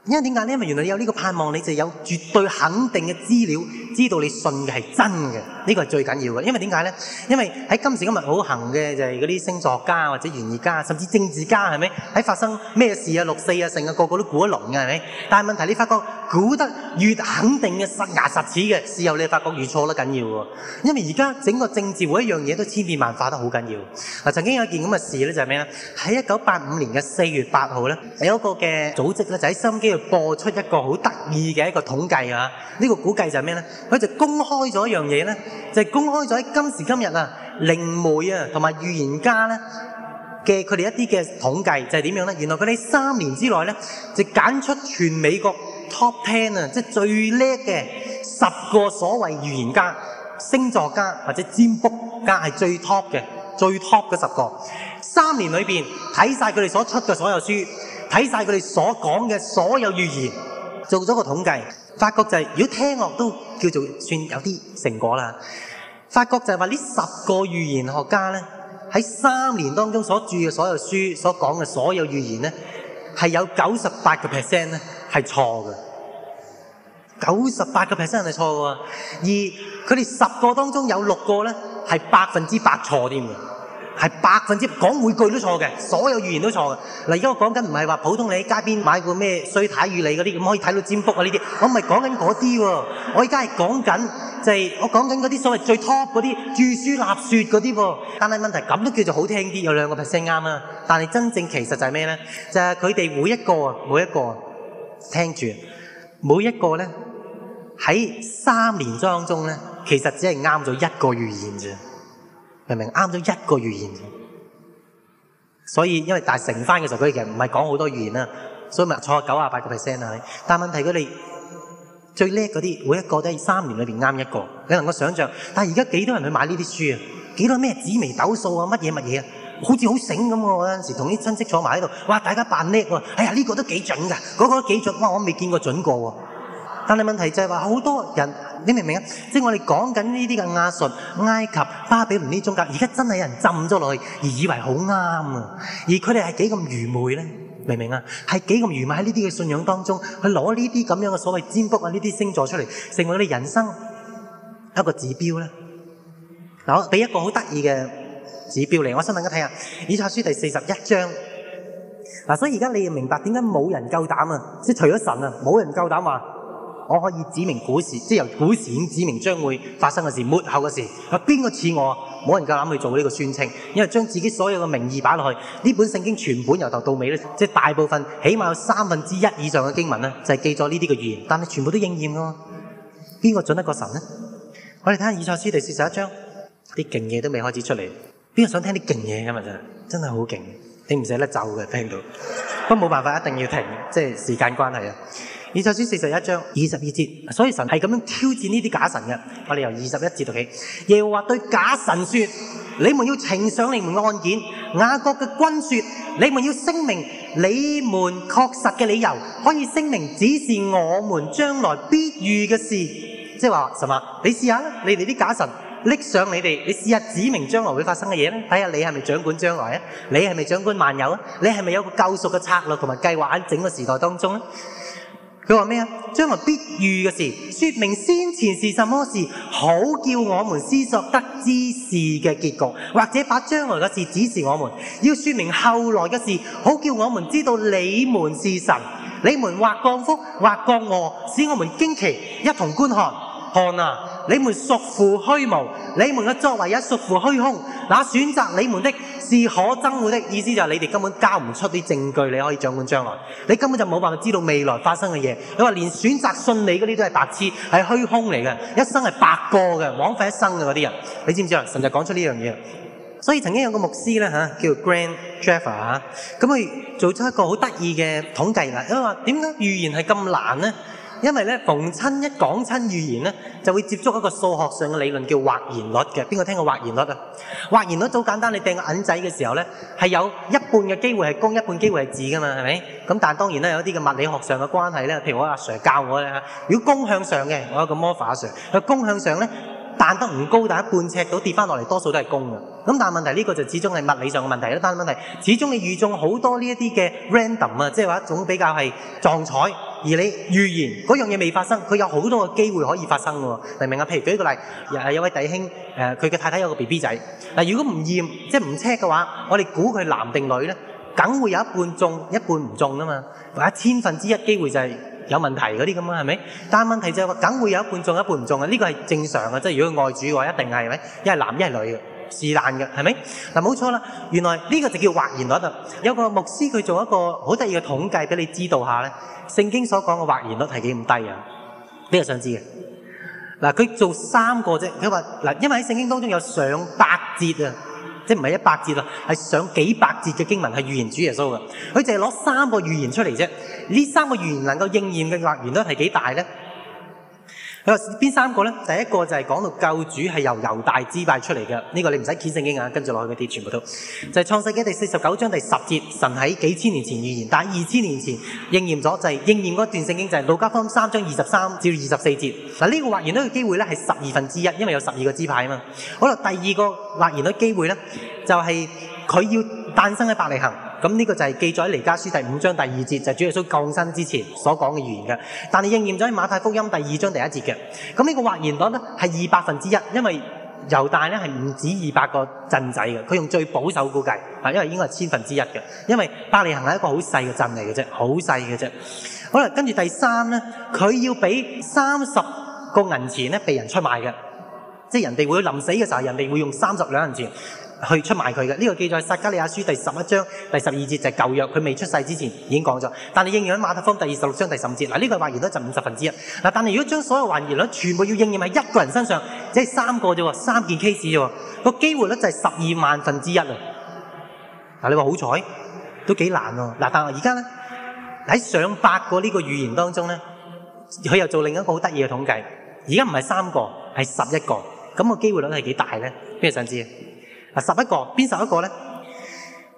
因為點解呢？因為原來你有呢個盼望，你就有絕對肯定嘅資料。知道你信嘅係真嘅，呢個係最緊要嘅。因為點解呢？因為喺今時今日好行嘅就係嗰啲星座家或者懸疑家，甚至政治家係咪？喺發生咩事啊、六四啊，成個個都估一輪嘅係咪？但係問題你發覺估得越肯定嘅，實牙實齒嘅，事後你發覺越錯得緊要喎。因為而家整個政治每一樣嘢都千變萬化得好緊要。曾經有一件咁嘅事咧，就係咩呢？喺一九八五年嘅四月八號呢，有一個嘅組織咧，就喺心機度播出一個好得意嘅一個統計啊。呢個估計就係咩呢？佢就公開咗一樣嘢咧，就係公開咗喺今時今日啊，靈媒啊，同埋預言家咧嘅佢哋一啲嘅統計，就係點樣呢？原來佢喺三年之內咧，就揀出全美國 top ten 啊，即係最叻嘅十個所謂預言家、星座家或者占卜家係最 top 嘅，最 top 嗰十個。三年裏面睇曬佢哋所出嘅所有書，睇曬佢哋所講嘅所有預言。做咗個統計，發覺就係如果聽落都叫做算有啲成果啦。發覺就係話呢十個預言學家咧，喺三年當中所著嘅所有書、所講嘅所有預言咧，係有九十八個 percent 咧係錯嘅，九十八個 percent 係錯嘅喎。而佢哋十個當中有六個咧係百分之百錯添嘅。係百分之百講每句都錯嘅，所有預言都錯嘅。嗱，而家我講緊唔係話普通你喺街邊買個咩衰睇預你嗰啲咁可以睇到占卜啊呢啲，我唔係講緊嗰啲喎。我而家係講緊就係、是、我講緊嗰啲所謂最 top 嗰啲著書立說嗰啲喎。但係問題，咁都叫做好聽啲有兩個 percent 啱啦。但係真正其實就係咩呢？就係佢哋每一個每一個聽住每一個呢，喺三年當中呢，其實只係啱咗一個預言啫。明明啱咗一個語言，所以因為但係乘翻嘅時候，佢其實唔係講好多語言啊，所以咪坐九十八個 percent 啊。但係問題佢哋最叻嗰啲，每一個都係三年裏邊啱一個。你能夠想像？但係而家幾多人去買呢啲書啊？幾多咩紫微斗數啊？乜嘢乜嘢啊？好似好醒咁喎！我有陣時同啲親戚坐埋喺度，哇！大家扮叻喎，哎呀，呢個都幾準㗎，嗰個都幾準，哇！我未見過準過喎。但係問題就係話好多人，你明唔明啊？即係我哋講緊呢啲嘅亞述、埃及、巴比倫呢啲宗教，而家真係有人浸咗落去而以為好啱啊！而佢哋係幾咁愚昧咧？明唔明啊？係幾咁愚昧喺呢啲嘅信仰當中去攞呢啲咁樣嘅所謂占卜啊？呢啲星座出嚟，成為嗰啲人生一個指標咧。嗱，我俾一個好得意嘅指標嚟，我先等我睇下《以賽亞書》第四十一章。嗱，所以而家你又明白點解冇人夠膽啊？即係除咗神啊，冇人夠膽話。我可以指明古時，即係由古時已經指明將會發生嘅事，末後嘅事。啊，邊個似我？冇人夠膽去做呢個宣稱，因為將自己所有嘅名義擺落去呢本聖經全本由頭到尾咧，即係大部分起碼有三分之一以上嘅經文咧，就係記咗呢啲嘅預言。但係全部都應驗嘅，邊個準得過神咧？我哋睇下以賽亞書第四十一章，啲勁嘢都未開始出嚟。邊個想聽啲勁嘢咁啊？真係真係好勁，你唔捨得走嘅聽到，不過冇辦法，一定要停，即係時間關係啊！以賽亞書四十一章二十二節，所以神係咁樣挑戰呢啲假神嘅。我哋由二十一節讀起，耶和華對假神說：你們要呈上你們的案件。雅各嘅君說：你們要聲明你們確實嘅理由，可以聲明指示我們將來必遇嘅事。即係話神啊，你試下啦，你哋啲假神，拎上你哋，你試下指明將來會發生嘅嘢咧，睇下你係咪掌管將來啊？你係咪掌管萬有啊？你係咪有個救贖嘅策略同埋計劃喺整個時代當中咧？佢話咩啊？將來必遇嘅事，說明先前是什麼事，好叫我們思索得知事嘅結局，或者把將來嘅事指示我們，要說明後來嘅事，好叫我們知道你們是神，你們或降福或降惡，使我們驚奇一同觀看。看哪！你們屬乎虛無，你們嘅作為也屬乎虛空。那選擇你們的是可憎惡的，意思就係你哋根本交唔出啲證據，你可以掌管將來。你根本就冇辦法知道未來發生嘅嘢。你話連選擇信你嗰啲都係白痴，係虛空嚟嘅，一生係白過嘅，枉費一生嘅嗰啲人。你知唔知啊？神就講出呢樣嘢。所以曾經有個牧師呢，叫 Grant Jeff 啊，咁佢做出一個好得意嘅統計啦。因為話點解預言係咁難咧？因為咧，逢親一講親預言咧，就會接觸一個數學上嘅理論叫或然率嘅。邊個聽過或然率啊？或然率就好簡單，你掟個銀仔嘅時候咧，係有一半嘅機會係公，一半機會係字㗎嘛，係咪？咁但係當然啦，有啲嘅物理學上嘅關係咧，譬如我阿 sir 教我咧嚇，如果公向上嘅，我有個魔法阿 Sir，佢公向上咧彈得唔高，大概半尺到跌翻落嚟，多數都係公嘅。咁但係問題呢個就始終係物理上嘅問題啦。但係問題始終你遇中好多呢一啲嘅 random 啊，即係話一種比較係撞彩。而你預言嗰樣嘢未發生，佢有好多個機會可以發生喎，明唔明啊？譬如舉一個例，又係有位弟兄，誒佢嘅太太有個 B B 仔。嗱，如果唔驗即係唔 check 嘅話，我哋估佢男定女咧，梗會有一半中一半唔中噶嘛，或者千分之一機會就係有問題嗰啲咁啊，係咪？但係問題就係話，梗會有一半中一半唔中啊！呢個係正常嘅，即係如果外主嘅話，一定係，係咪？一係男一係女，是但嘅，係咪？嗱，冇錯啦，原來呢個就叫或然率喺度。有個牧師佢做一個好得意嘅統計俾你知道下咧。聖經所講嘅或然率係幾咁低啊？邊個想知嘅？嗱，佢做三個啫。佢話嗱，因為喺聖經當中有上百節啊，即係唔係一百節啊，係上幾百節嘅經文係預言主耶穌嘅。佢淨係攞三個預言出嚟啫。呢三個預言能夠應驗嘅或然率係幾大咧？你話邊三個咧？第一個就係講到救主係由猶大支派出嚟嘅，呢、這個你唔使睇聖經啊，跟住落去嗰啲全部都就係、是、創世記第四十九章第十節，神喺幾千年前預言，但二千年前應驗咗，就係應驗嗰段聖經就係、是、路加福音三章二十三至二十四節。嗱、這、呢個發現到嘅機會咧係十二分之一，因為有十二個支派嘛。好啦，第二個發現到機會呢，就係佢要誕生喺伯利恒。咁呢個就係記載喺《彌迦書》第五章第二節，就係、是、主耶穌降生之前所講嘅預言嘅。但係應驗咗喺《馬太福音》第二章第一節嘅。咁、這、呢個預言咧，係二百分之一，因為猶大呢係唔止二百個鎮仔嘅，佢用最保守估計，因為應該係千分之一嘅，因為伯利恆係一個好細嘅鎮嚟嘅啫，好細嘅啫。好啦，跟住第三呢，佢要俾三十個銀錢咧，被人出賣嘅，即人哋會臨死嘅時候，人哋會用三十兩銀錢。去出賣佢嘅呢個記載，撒加利亞書第十一章第十二節就係舊約，佢未出世之前已經講咗。但你應用喺馬太福音第二十六章第十五節，嗱、這、呢個還原率就五十分之一。但係如果將所有還原率全部要應用喺一個人身上，即係三個啫喎，三件 case 啫喎，個機會率就係十二萬分之一啊！你話好彩都幾難喎。但係而家咧喺上百個呢個預言當中呢，佢又做了另一個好得意嘅統計。而家唔係三個，係十一個。咁、那個機會率係幾大呢？非常之。十一個，邊十一個呢？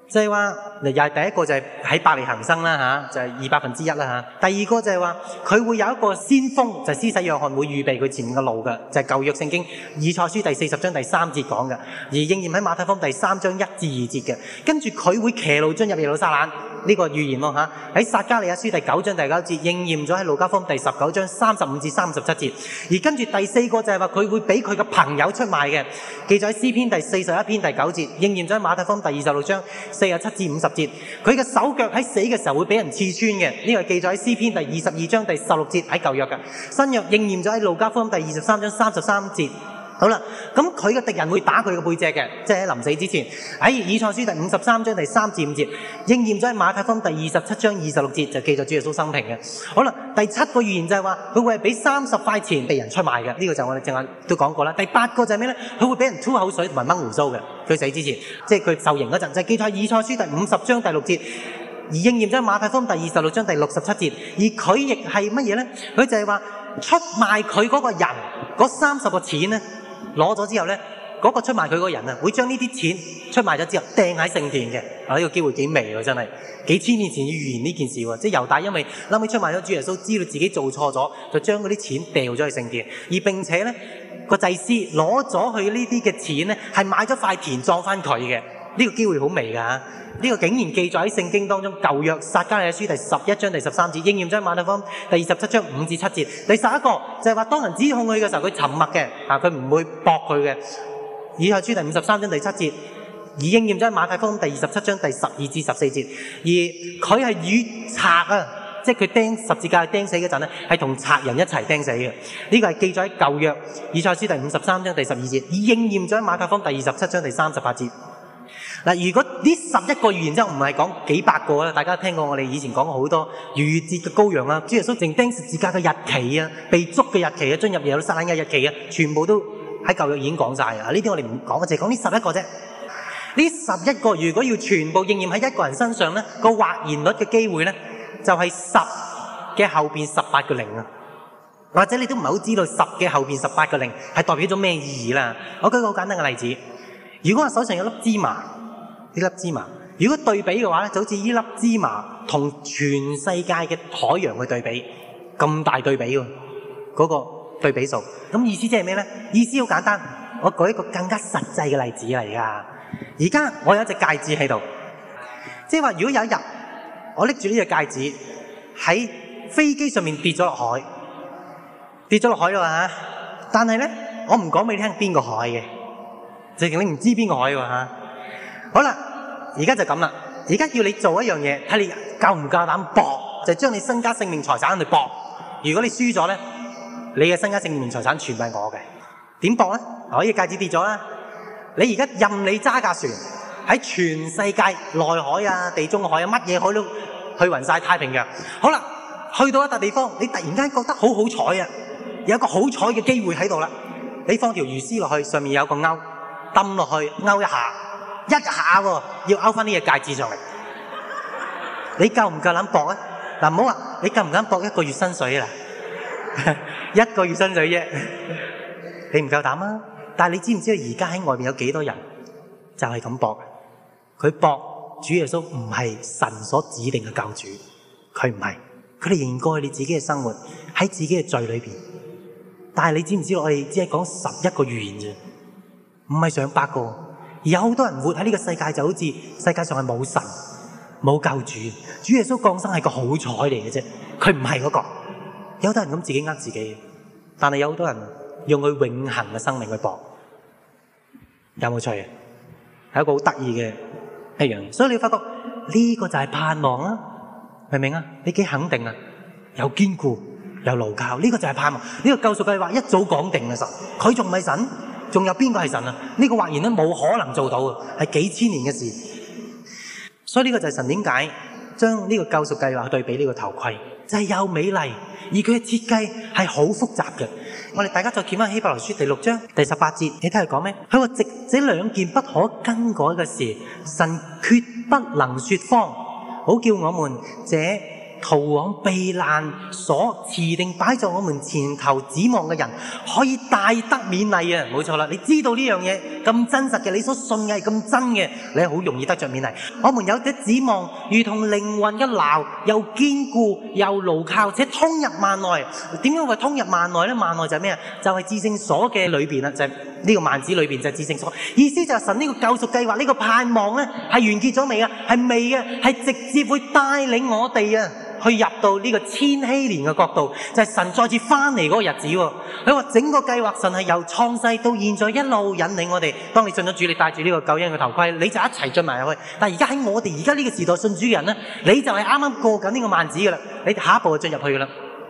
就係、是、話又係第一個就係喺伯利恒生啦，就係、是、二百分之一啦。第二個就係話佢會有一個先鋒，就係施洗約翰會預備佢前面嘅路噶，就係、是、舊約聖經以賽書第四十章第三節講嘅，而應驗喺馬太福音第三章一至二節嘅。跟住佢會騎驢進入耶路撒冷。呢個預言喎嚇，喺撒迦利亞書第九章第九節應驗咗喺路加福音第十九章三十五至三十七節，而跟住第四個就係話佢會俾佢嘅朋友出賣嘅，記載在喺詩篇第四十一篇第九節應驗咗喺馬太福音第二十六章四十七至五十節，佢嘅手腳喺死嘅時候會俾人刺穿嘅，呢、這個記載在喺詩篇第二十二章第十六節喺舊約嘅新約應驗咗喺路加福音第二十三章三十三節。好啦，咁佢嘅敵人會打佢嘅背脊嘅，即係喺臨死之前。喺《以賽書》第五十三章第三至五節應驗咗喺馬太福音第二十七章二十六節，就記載主耶穌生平嘅。好啦，第七個預言就係話佢會係俾三十塊錢被人出賣嘅，呢、這個就我哋正眼都講過啦。第八個就係咩呢？佢會俾人吐口水同埋掹鬍鬚嘅。佢死之前，即係佢受刑嗰陣就記載《以賽書》第五十章第六節，而應驗咗喺馬太福音第二十六章第六十七節。而佢亦係乜嘢呢？佢就係話出賣佢嗰個人嗰三十個錢呢。攞咗之後呢，嗰、那個出賣佢個人啊，會將呢啲錢出賣咗之後，掟喺聖殿嘅啊！呢、這個機會幾微喎，真係幾千年前預言呢件事喎，即係猶大因為諗起出賣咗主耶穌，知道自己做錯咗，就將嗰啲錢掟咗去聖殿，而並且呢個祭司攞咗佢呢啲嘅錢咧，係買咗塊田葬翻佢嘅。呢個機會好微㗎，呢個竟然記載喺聖經當中舊約撒迦利亞書第十一章第十三節，應驗咗喺馬太福音第二十七章五至七節。第十一個就係話當人指控佢嘅時候，佢沉默嘅，嚇佢唔會駁佢嘅。以賽書第五十三章第七節，而應驗咗喺馬太福音第二十七章第十二至十四節。而佢係與賊啊，即係佢釘十字架釘死嗰陣咧，係同賊人一齊釘死嘅。呢個係記載喺舊約以賽書第五十三章第十二節，而應驗咗喺馬太福音第二十七章第三十八節。如果呢十一個預言之後唔係講幾百個咧，大家聽過我哋以前講過好多逾越節嘅羔羊啊，主耶穌釘十字架嘅日期啊，被捉嘅日期啊，進入耶路撒冷嘅日期啊，全部都喺舊約已經講曬嘅，呢啲我哋唔講，就係講呢十一個啫。呢十一個如果要全部應驗喺一個人身上呢，嗰個或然率嘅機會呢，就係十嘅後邊十八個零啊。或者你都唔係好知道十嘅後邊十八個零係代表咗咩意義啦？我舉個好簡單嘅例子，如果我手上有一粒芝麻。呢粒芝麻，如果對比嘅話，就好似呢粒芝麻同全世界嘅海洋去對比，咁大對比喎，嗰、那個對比數。咁意思即係咩咧？意思好簡單，我舉一個更加實際嘅例子嚟㗎。而而家我有一隻戒指喺度，即係話如果有一日我拎住呢隻戒指喺飛機上面跌咗落海，跌咗落海啦，但係咧我唔講俾你聽邊個海嘅，直情你唔知邊個海喎。好啦，而家就咁啦。而家要你做一樣嘢，睇你夠唔夠膽搏，就將你身家性命財產喺度搏。如果你輸咗咧，你嘅身家性命財產全係我嘅。點搏咧？可以戒指跌咗啦。你而家任你揸架船，喺全世界內海啊、地中海啊、乜嘢海都去勻晒太平洋。好啦，去到一笪地方，你突然間覺得好好彩啊，有個好彩嘅機會喺度啦。你放條魚絲落去，上面有個鈎，掟落去鈎一下。一下喎，要勾翻呢隻戒指上嚟，你夠唔夠膽搏啊？嗱，唔好話你夠唔夠膽搏一個月薪水啦，一個月薪水啫，你唔夠膽啊！但係你知唔知道而家喺外面有幾多人就係咁搏？佢搏主耶穌唔係神所指定嘅教主，佢唔係，佢哋仍然過佢哋自己嘅生活喺自己嘅罪裏面。但係你知唔知我哋只係講十一個預言啫，唔係上百個。有好多人活喺呢個世界，就好似世界上係冇神冇救主，主耶穌降生係個好彩嚟嘅啫，佢唔係嗰個。有得人咁自己呃自己，但係有好多人用佢永恒嘅生命去搏，有冇趣啊？是一個好得意嘅一樣，所以你會發覺呢、這個就係盼望啊，明唔明啊？你幾肯定啊，有堅固有牢靠，呢、這個就係盼望，呢、這個救贖計劃一早講定嘅神，佢仲唔係神？仲有邊個係神啊？呢個話言都冇可能做到嘅，係幾千年嘅事。所以呢個就係神點解將呢個救贖計劃對比呢個頭盔，就係又美麗，而佢嘅設計係好複雜嘅。我哋大家再見翻希伯來書第六章第十八節，你睇佢講咩？佢話藉此，這兩件不可更改嘅事，神決不能說謊，好叫我們這。逃往避難所，持定擺在我們前頭指望嘅人，可以大得勉勵啊！冇錯啦，你知道呢樣嘢咁真實嘅，你所信嘅係咁真嘅，你好容易得着勉勵。我們有啲指望，如同靈魂嘅錨，又堅固又牢靠，且通入幔內。點樣話通入幔內呢？幔內就咩啊？就係至聖所嘅裏邊啦，就是。呢個幔子裏面就至聖所。意思就係神呢個救贖計劃呢、這個盼望呢係完結咗未啊？係未啊？係直接會帶領我哋啊去入到呢個千禧年嘅國度，就係、是、神再次翻嚟嗰個日子。佢話整個計劃神係由創世到現在一路引領我哋。當你信咗主，你戴住呢個救恩嘅頭盔，你就一齊進埋入去。但係而家喺我哋而家呢個時代信主嘅人呢，你就係啱啱過緊呢個幔子噶啦，你下一步就入去噶啦。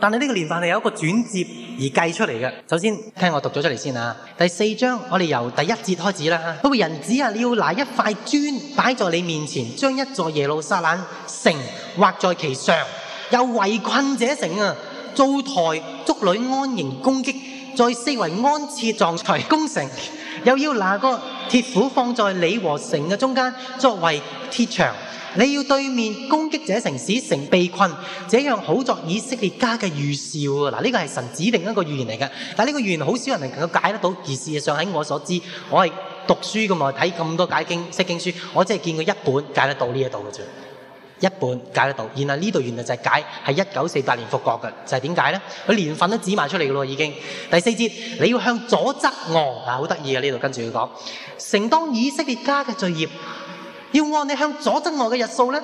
但係呢個年份係有一個轉折而計出嚟嘅。首先聽我讀咗出嚟先啊。第四章，我哋由第一節開始啦。人子啊，你要拿一塊磚擺在你面前，將一座耶路撒冷城畫在其上，又圍困者城啊，造台築壘、安營攻擊，在四圍安設障礙攻城，又要拿個鐵斧放在你和城嘅中間，作為鐵牆。你要對面攻擊者城，市成被困，這一樣好作以色列家嘅預兆啊！嗱，呢個係神指定一個預言嚟嘅，但係呢個預言好少人能夠解得到，而事實上喺我所知，我係讀書嘅嘛，睇咁多解經、釋經書，我淨係見過一本解得到呢一度嘅啫，一本解得到。然後呢度原來就係解係一九四八年復國嘅，就係點解呢？佢年份都指埋出嚟嘅咯，已經第四節，你要向左側臥，好得意啊，呢度，跟住佢講，承當以色列家嘅罪業。要按你向左側臥嘅日數呢，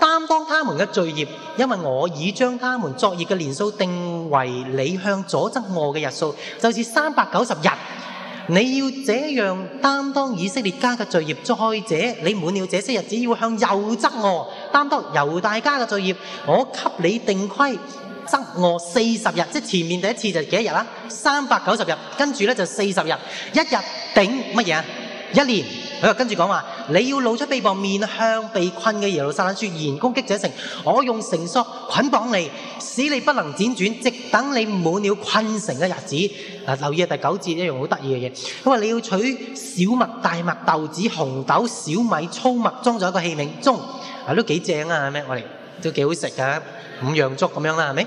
擔當他們嘅罪業，因為我已將他們作業嘅年數定為你向左側臥嘅日數，就是三百九十日。你要這樣擔當以色列家嘅罪業，再者你滿了這些日子，要向右側臥擔當猶大家嘅罪業，我給你定規，側臥四十日，即前面第一次就是幾多日啦？三百九十日，跟住呢，就四十日，一日頂乜嘢？一年，佢又跟住講話：你要露出臂膀，面向被困嘅耶路撒冷，説：言攻擊者成，我用繩索捆綁你，使你不能輾轉，直等你滿了困城嘅日子。啊，留意啊！第九節一樣好得意嘅嘢，佢話你要取小麥、大麥、豆子、紅豆、小米、粗麥，裝在一個器皿中，啊，都幾正啊！咩？我哋都幾好食噶五樣粥，這樣粥咁樣啦，係咪？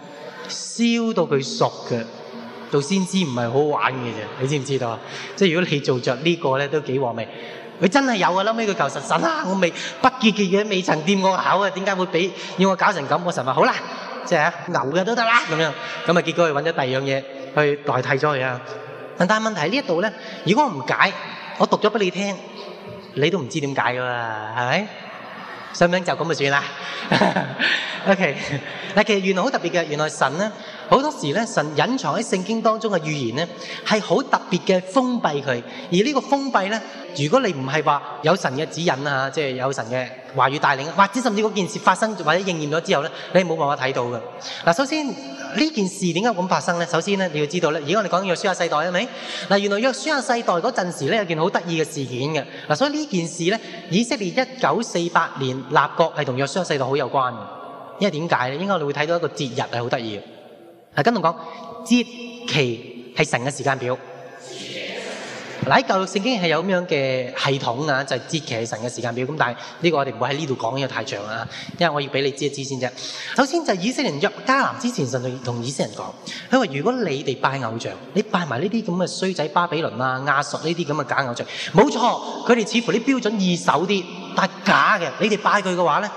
燒到佢熟嘅，做先知唔係好好玩嘅啫。你知唔知道啊？即係如果你做著呢個咧，都幾和味。佢真係有嘅。後屘佢求實神啊！我未不潔嘅嘢，未曾掂我口啊，點解會俾要我搞成咁？我神話好啦，即係牛嘅都得啦咁樣。咁啊，結果佢去揾咗第二樣嘢去代替咗佢啊。但係問題呢一度咧，如果我唔解，我讀咗俾你聽，你都唔知點解㗎喇，係咪？想唔想就咁就算啦 ？OK，嗱，其實原來好特別嘅，原來神呢，好多時呢，神隱藏喺聖經當中嘅預言呢，係好特別嘅封閉佢。而呢個封閉呢，如果你唔係話有神嘅指引啊，即係有神嘅話語帶領，啊，或者甚至嗰件事發生或者應驗咗之後呢，你係冇辦法睇到嘅。嗱、啊，首先。呢件事點解咁發生咧？首先咧，你要知道咧，而家我哋講約書亞世代係咪？嗱，原來約書亞世代嗰陣時咧，有件好得意嘅事件嘅。嗱，所以呢件事咧，以色列一九四八年立國係同約書亞世代好有關嘅。因為點解咧？應該你會睇到一個節日係好得意。係跟同講節期係神嘅時間表。教育聖經係有咁樣嘅系統啊，就係、是、節其是神嘅時間表。咁但係呢個我哋唔會喺呢度講，因為太長啦。因為我要俾你知一知先啫。首先就係以色列人入迦南之前，神就同以色列人講：佢話如果你哋拜偶像，你拜埋呢啲咁嘅衰仔巴比倫啊、亞述呢啲咁嘅假偶像，冇錯，佢哋似乎啲標準二手啲，但假嘅。你哋拜佢嘅話呢。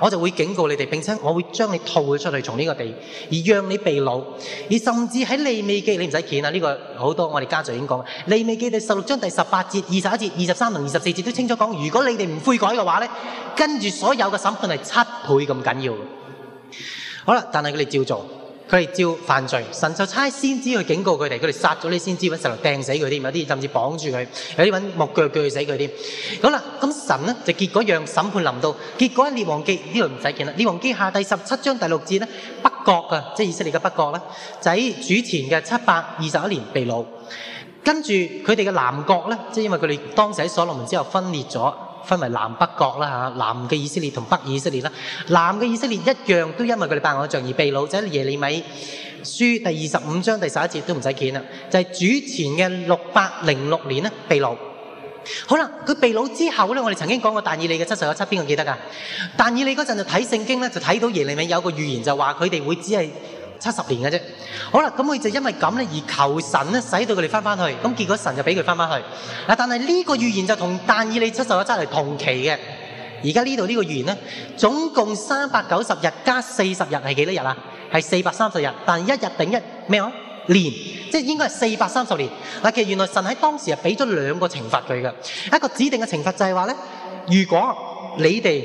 我就會警告你哋，並且我會將你吐出去，從呢個地而讓你被擄，而甚至喺利未記，你唔使見啦。呢、這個好多我哋家長已經講。利未記第十六章第十八節、二十一節、二十三同二十四節都清楚講，如果你哋唔悔改嘅話呢，跟住所有嘅審判係七倍咁緊要。好啦，但係佢哋照做。佢哋招犯罪，神就差先知去警告佢哋，佢哋殺咗啲先知，揾石頭嚟掟死佢哋，有啲甚至綁住佢，有啲揾木鋸鋸死佢哋。好啦，咁神呢就結果讓審判臨到，結果喺列王記呢度唔使見啦，列王記下第十七章第六節呢，北國啊，即係以色列嘅北國呢，就喺主前嘅七百二十一年被擄，跟住佢哋嘅南國呢，即係因為佢哋當時喺所羅門之後分裂咗。分為南北國啦嚇，南嘅以色列同北以色列啦，南嘅以色列一樣都因為佢哋拜偶像而被擄，就喺、是、耶利米書第二十五章第十一節都唔使見啦，就係、是、主前嘅六百零六年呢被擄。好啦，佢被擄之後呢，我哋曾經講過但以利嘅七十個七邊個記得㗎？但以利嗰陣就睇聖經咧，就睇到耶利米有個預言就話佢哋會只係。七十年嘅啫，好啦，咁佢就因為咁咧而求神咧，使到佢哋翻翻去，咁結果神就俾佢翻翻去。但係呢個預言就同但以理七十嘅真係同期嘅。而家呢度呢個預言咧，總共三百九十日加四十日係幾多日啊？係四百三十日，但係一日頂一咩話？年，即係應該係四百三十年。嗱，其實原來神喺當時係俾咗兩個懲罰佢嘅，一個指定嘅懲罰就係話咧，如果你哋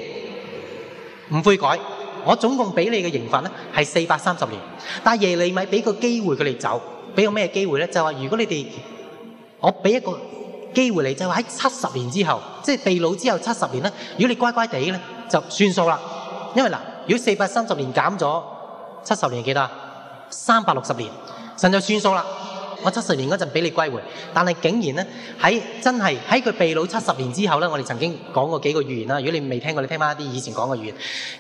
唔悔改。我總共俾你嘅刑罰咧係四百三十年，但係耶利米俾個機會佢哋走，俾個咩機會咧？就係話如果你哋我俾一個機會嚟，就係話喺七十年之後，即係被擄之後七十年咧，如果你乖乖地咧，就算數啦。因為嗱，如果四百三十年減咗七十年，幾多啊，三百六十年，神就算數啦。我七十年嗰陣俾你歸回，但係竟然呢，喺真係喺佢被擄七十年之後呢，我哋曾經講過幾個預言啦。如果你未聽過，你聽翻一啲以前講嘅預言，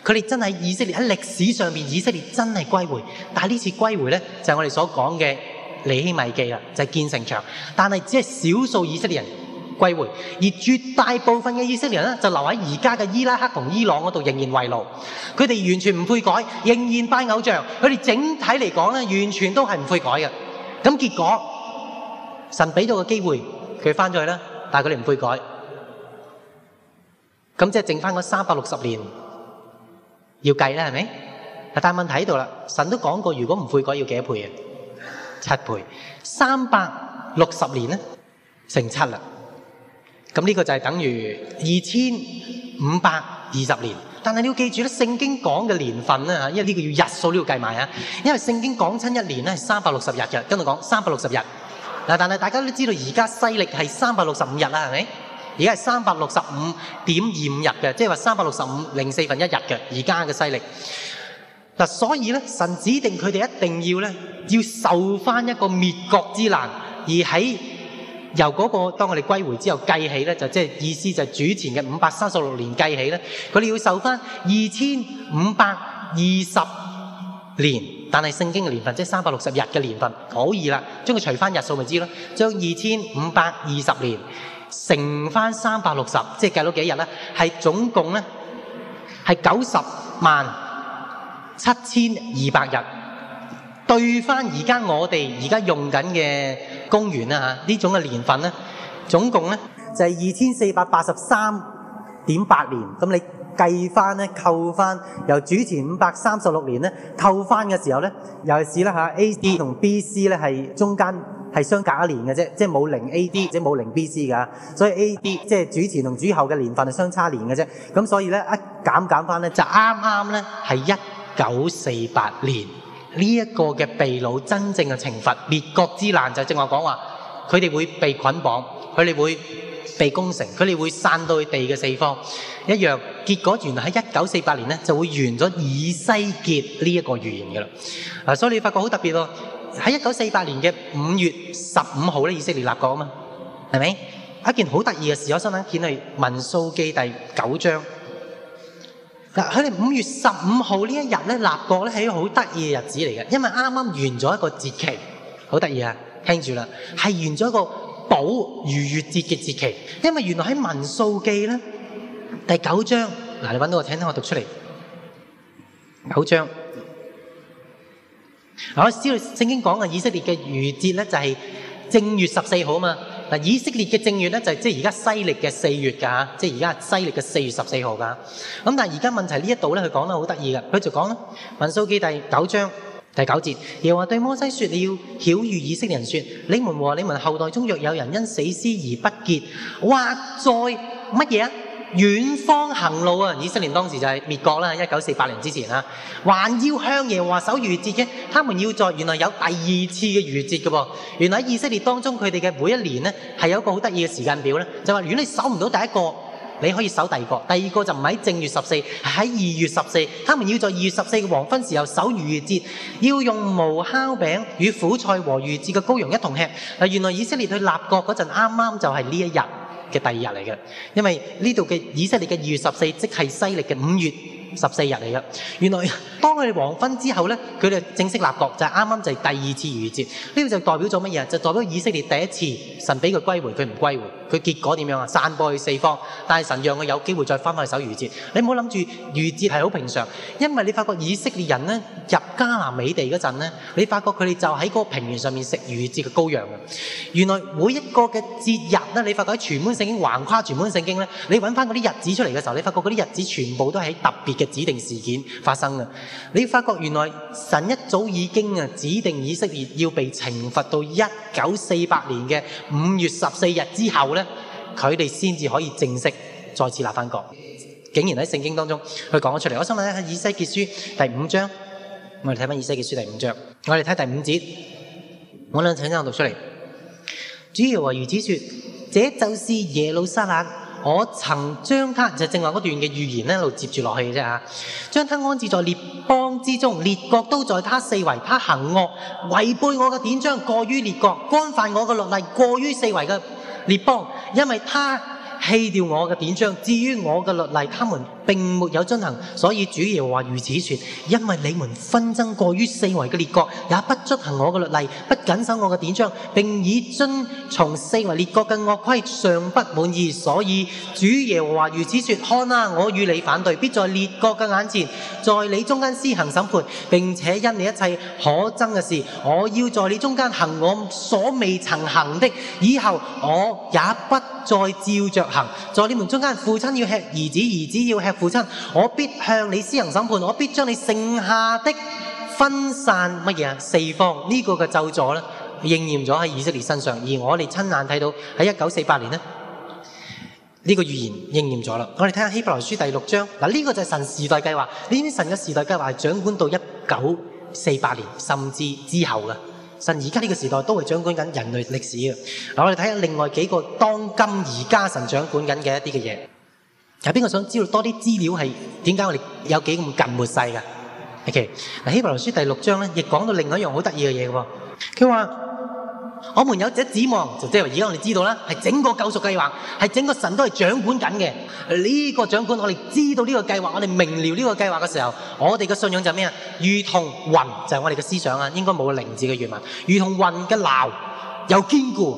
佢哋真係以色列喺歷史上面，以色列真係歸回。但係呢次歸回呢，就係我哋所講嘅尼希米記啦，就係建城牆。但係只係少數以色列人歸回，而絕大部分嘅以色列人呢，就留喺而家嘅伊拉克同伊朗嗰度，仍然為奴。佢哋完全唔會改，仍然拜偶像。佢哋整體嚟講呢，完全都係唔會改嘅。咁結果，神俾到個機會佢返去啦，但係佢哋唔悔改，咁即係剩返嗰三百六十年要計啦，係咪？但係問題喺度啦，神都講過，如果唔悔改要幾多倍啊？七倍，三百六十年呢乘七啦，咁呢個就係等於二千五百二十年。但係你要記住咧，聖經講嘅年份，因為呢個要日數都、這個、要計埋。因為聖經講親一年咧係三百六十日嘅，跟住講三百六十日。但係大家都知道而家西歷係三百六十五日啦，係咪？而家係三百六十五點二五日嘅，即係話三百六十五零四分一日嘅，而家嘅西歷。所以咧，神指定佢哋一定要咧，要受翻一個滅國之難，而喺。由嗰、那個當我哋歸回之後計起呢，就即、是、係意思就係主前嘅五百三十六年計起呢，佢哋要受翻二千五百二十年，但係聖經嘅年份即係三百六十日嘅年份，可以啦，將佢除翻日數咪知咯，將二千五百二十年乘翻三百六十，即係計到幾日呢？係總共呢，係九十萬七千二百日。對翻而家我哋而家用緊嘅公元啦嚇，呢種嘅年份咧，總共咧就係二千四百八十三點八年。咁你計翻咧，扣翻由主前五百三十六年咧，扣翻嘅時候咧，尤其係啦嚇。A.D. 同 B B.C. 咧係中間係相隔一年嘅啫，即係冇零 A.D. 或者冇零 B.C. 噶，所以 A.D. 即係 B 主前同主後嘅年份係相差年嘅啫。咁所以咧一減一減翻咧，就啱啱咧係一九四八年。呢一個嘅被擄真正嘅懲罰，滅國之難就正話講話，佢哋會被捆綁，佢哋會被攻城，佢哋會散到去地嘅四方，一樣。結果原來喺一九四八年咧，就會完咗以西結呢一個預言嘅啦。嗱，所以你發覺好特別喎。喺一九四八年嘅五月十五號咧，以色列立國啊嘛，係咪？一件好得意嘅事，我身諗見係民數記第九章。嗱，佢哋五月十五號呢一日咧立國咧，係一個好得意嘅日子嚟嘅，因為啱啱完咗一個節期，好得意啊，聽住啦，係完咗一個補逾越節嘅節期，因為原來喺《民數記》咧第九章，嗱你揾到我聽聽我讀出嚟，九章，嗱我知道聖經講嘅以色列嘅逾節咧就係正月十四號啊嘛。以色列嘅正月咧就係即係而家西曆嘅四月㗎，嚇、就係，即係而家西曆嘅四月十四號㗎。咁但係而家問題呢一度咧，佢講得好得意嘅，佢就講啦，《民數記》第九章第九節，又話對摩西説：你要曉喻以色列人説，你們和你們後代中若有人因死屍而不潔，話在乜嘢？遠方行路啊！以色列當時就係滅國啦，喺一九四八年之前啊，還要向耶和華守逾節嘅。他們要在原來有第二次嘅逾節嘅噃。原來喺以色列當中，佢哋嘅每一年呢，係有一個好得意嘅時間表咧，就話如果你守唔到第一個，你可以守第二個。第二個就唔喺正月十四，喺二月十四。他們要在二月十四嘅黃昏時候守逾節，要用無酵餅與苦菜和逾節嘅羔羊一同吃。原來以色列去立國嗰陣啱啱就係呢一日。嘅第二日嚟嘅，因為呢度嘅以色列嘅二月十四，即係西曆嘅五月十四日嚟嘅，原來當佢哋黃昏之後呢，佢哋正式立國就係啱啱就係第二次逾節，呢個就代表咗乜嘢啊？就代表以色列第一次神俾佢歸回，佢唔歸回，佢結果點樣啊？散播去四方，但係神讓佢有機會再翻返去守逾節。你唔好諗住逾節係好平常，因為你發覺以色列人呢，入迦南美地嗰陣呢，你發覺佢哋就喺嗰個平原上面食逾節嘅羔羊。原來每一個嘅節日呢，你發覺喺全本聖經，橫跨全本聖經呢，你揾翻嗰啲日子出嚟嘅時候，你發覺嗰啲日，日，日子全部都係特別嘅。指定事件發生嘅，你發覺原來神一早已經啊指定以色列要被懲罰到一九四八年嘅五月十四日之後咧，佢哋先至可以正式再次立翻國。竟然喺聖經當中佢講咗出嚟，我想問下以西結書第五章，我哋睇翻以西結書第五章，我哋睇第五節，我諗請我讀出嚟，主要話如此說，這就是耶路撒冷。我曾將他就正話嗰段嘅預言咧，一路接住落去嘅啫嚇。將他安置在列邦之中，列國都在他四圍，他行惡，違背我嘅典章，過於列國，干犯我嘅律例，過於四圍嘅列邦，因為他棄掉我嘅典章，至於我嘅律例，他們。並沒有遵行，所以主耶和華如此說：因為你們紛爭過於四圍嘅列國，也不遵行我嘅律例，不謹守我嘅典章，並以遵從四圍列國嘅惡規尚不滿意，所以主耶和華如此說：看啊，我與你反對，必在列國嘅眼前，在你中間施行審判，並且因你一切可憎嘅事，我要在你中間行我所未曾行的，以後我也不再照着行，在你們中間，父親要吃兒子，兒子要吃。父親，我必向你施行審判，我必將你剩下的分散乜嘢四方。呢個嘅咒詛咧，應驗咗喺以色列身上，而我哋親眼睇到喺一九四八年咧，呢個預言應驗咗啦。我哋睇下希伯來書第六章，嗱呢個就係神時代計劃。呢啲神嘅時代計劃係掌管到一九四八年，甚至之後嘅。神而家呢個時代都係掌管緊人類歷史嘅。嗱我哋睇下另外幾個當今而家神掌管緊嘅一啲嘅嘢。有邊個想知道多啲資料係點解我哋有幾咁近末世噶？OK，嗱，希伯來書第六章咧，亦講到另外一樣好得意嘅嘢喎。佢話：我們有隻指望，就即係而家我哋知道啦，係整個救贖計劃，係整個神都係掌管緊嘅。呢個掌管我哋知道呢個計劃，我哋明瞭呢個計劃嘅時候，我哋嘅信仰就係咩啊？如同雲，就係我哋嘅思想啊，應該冇靈字嘅原文。如同雲嘅錨，有堅固，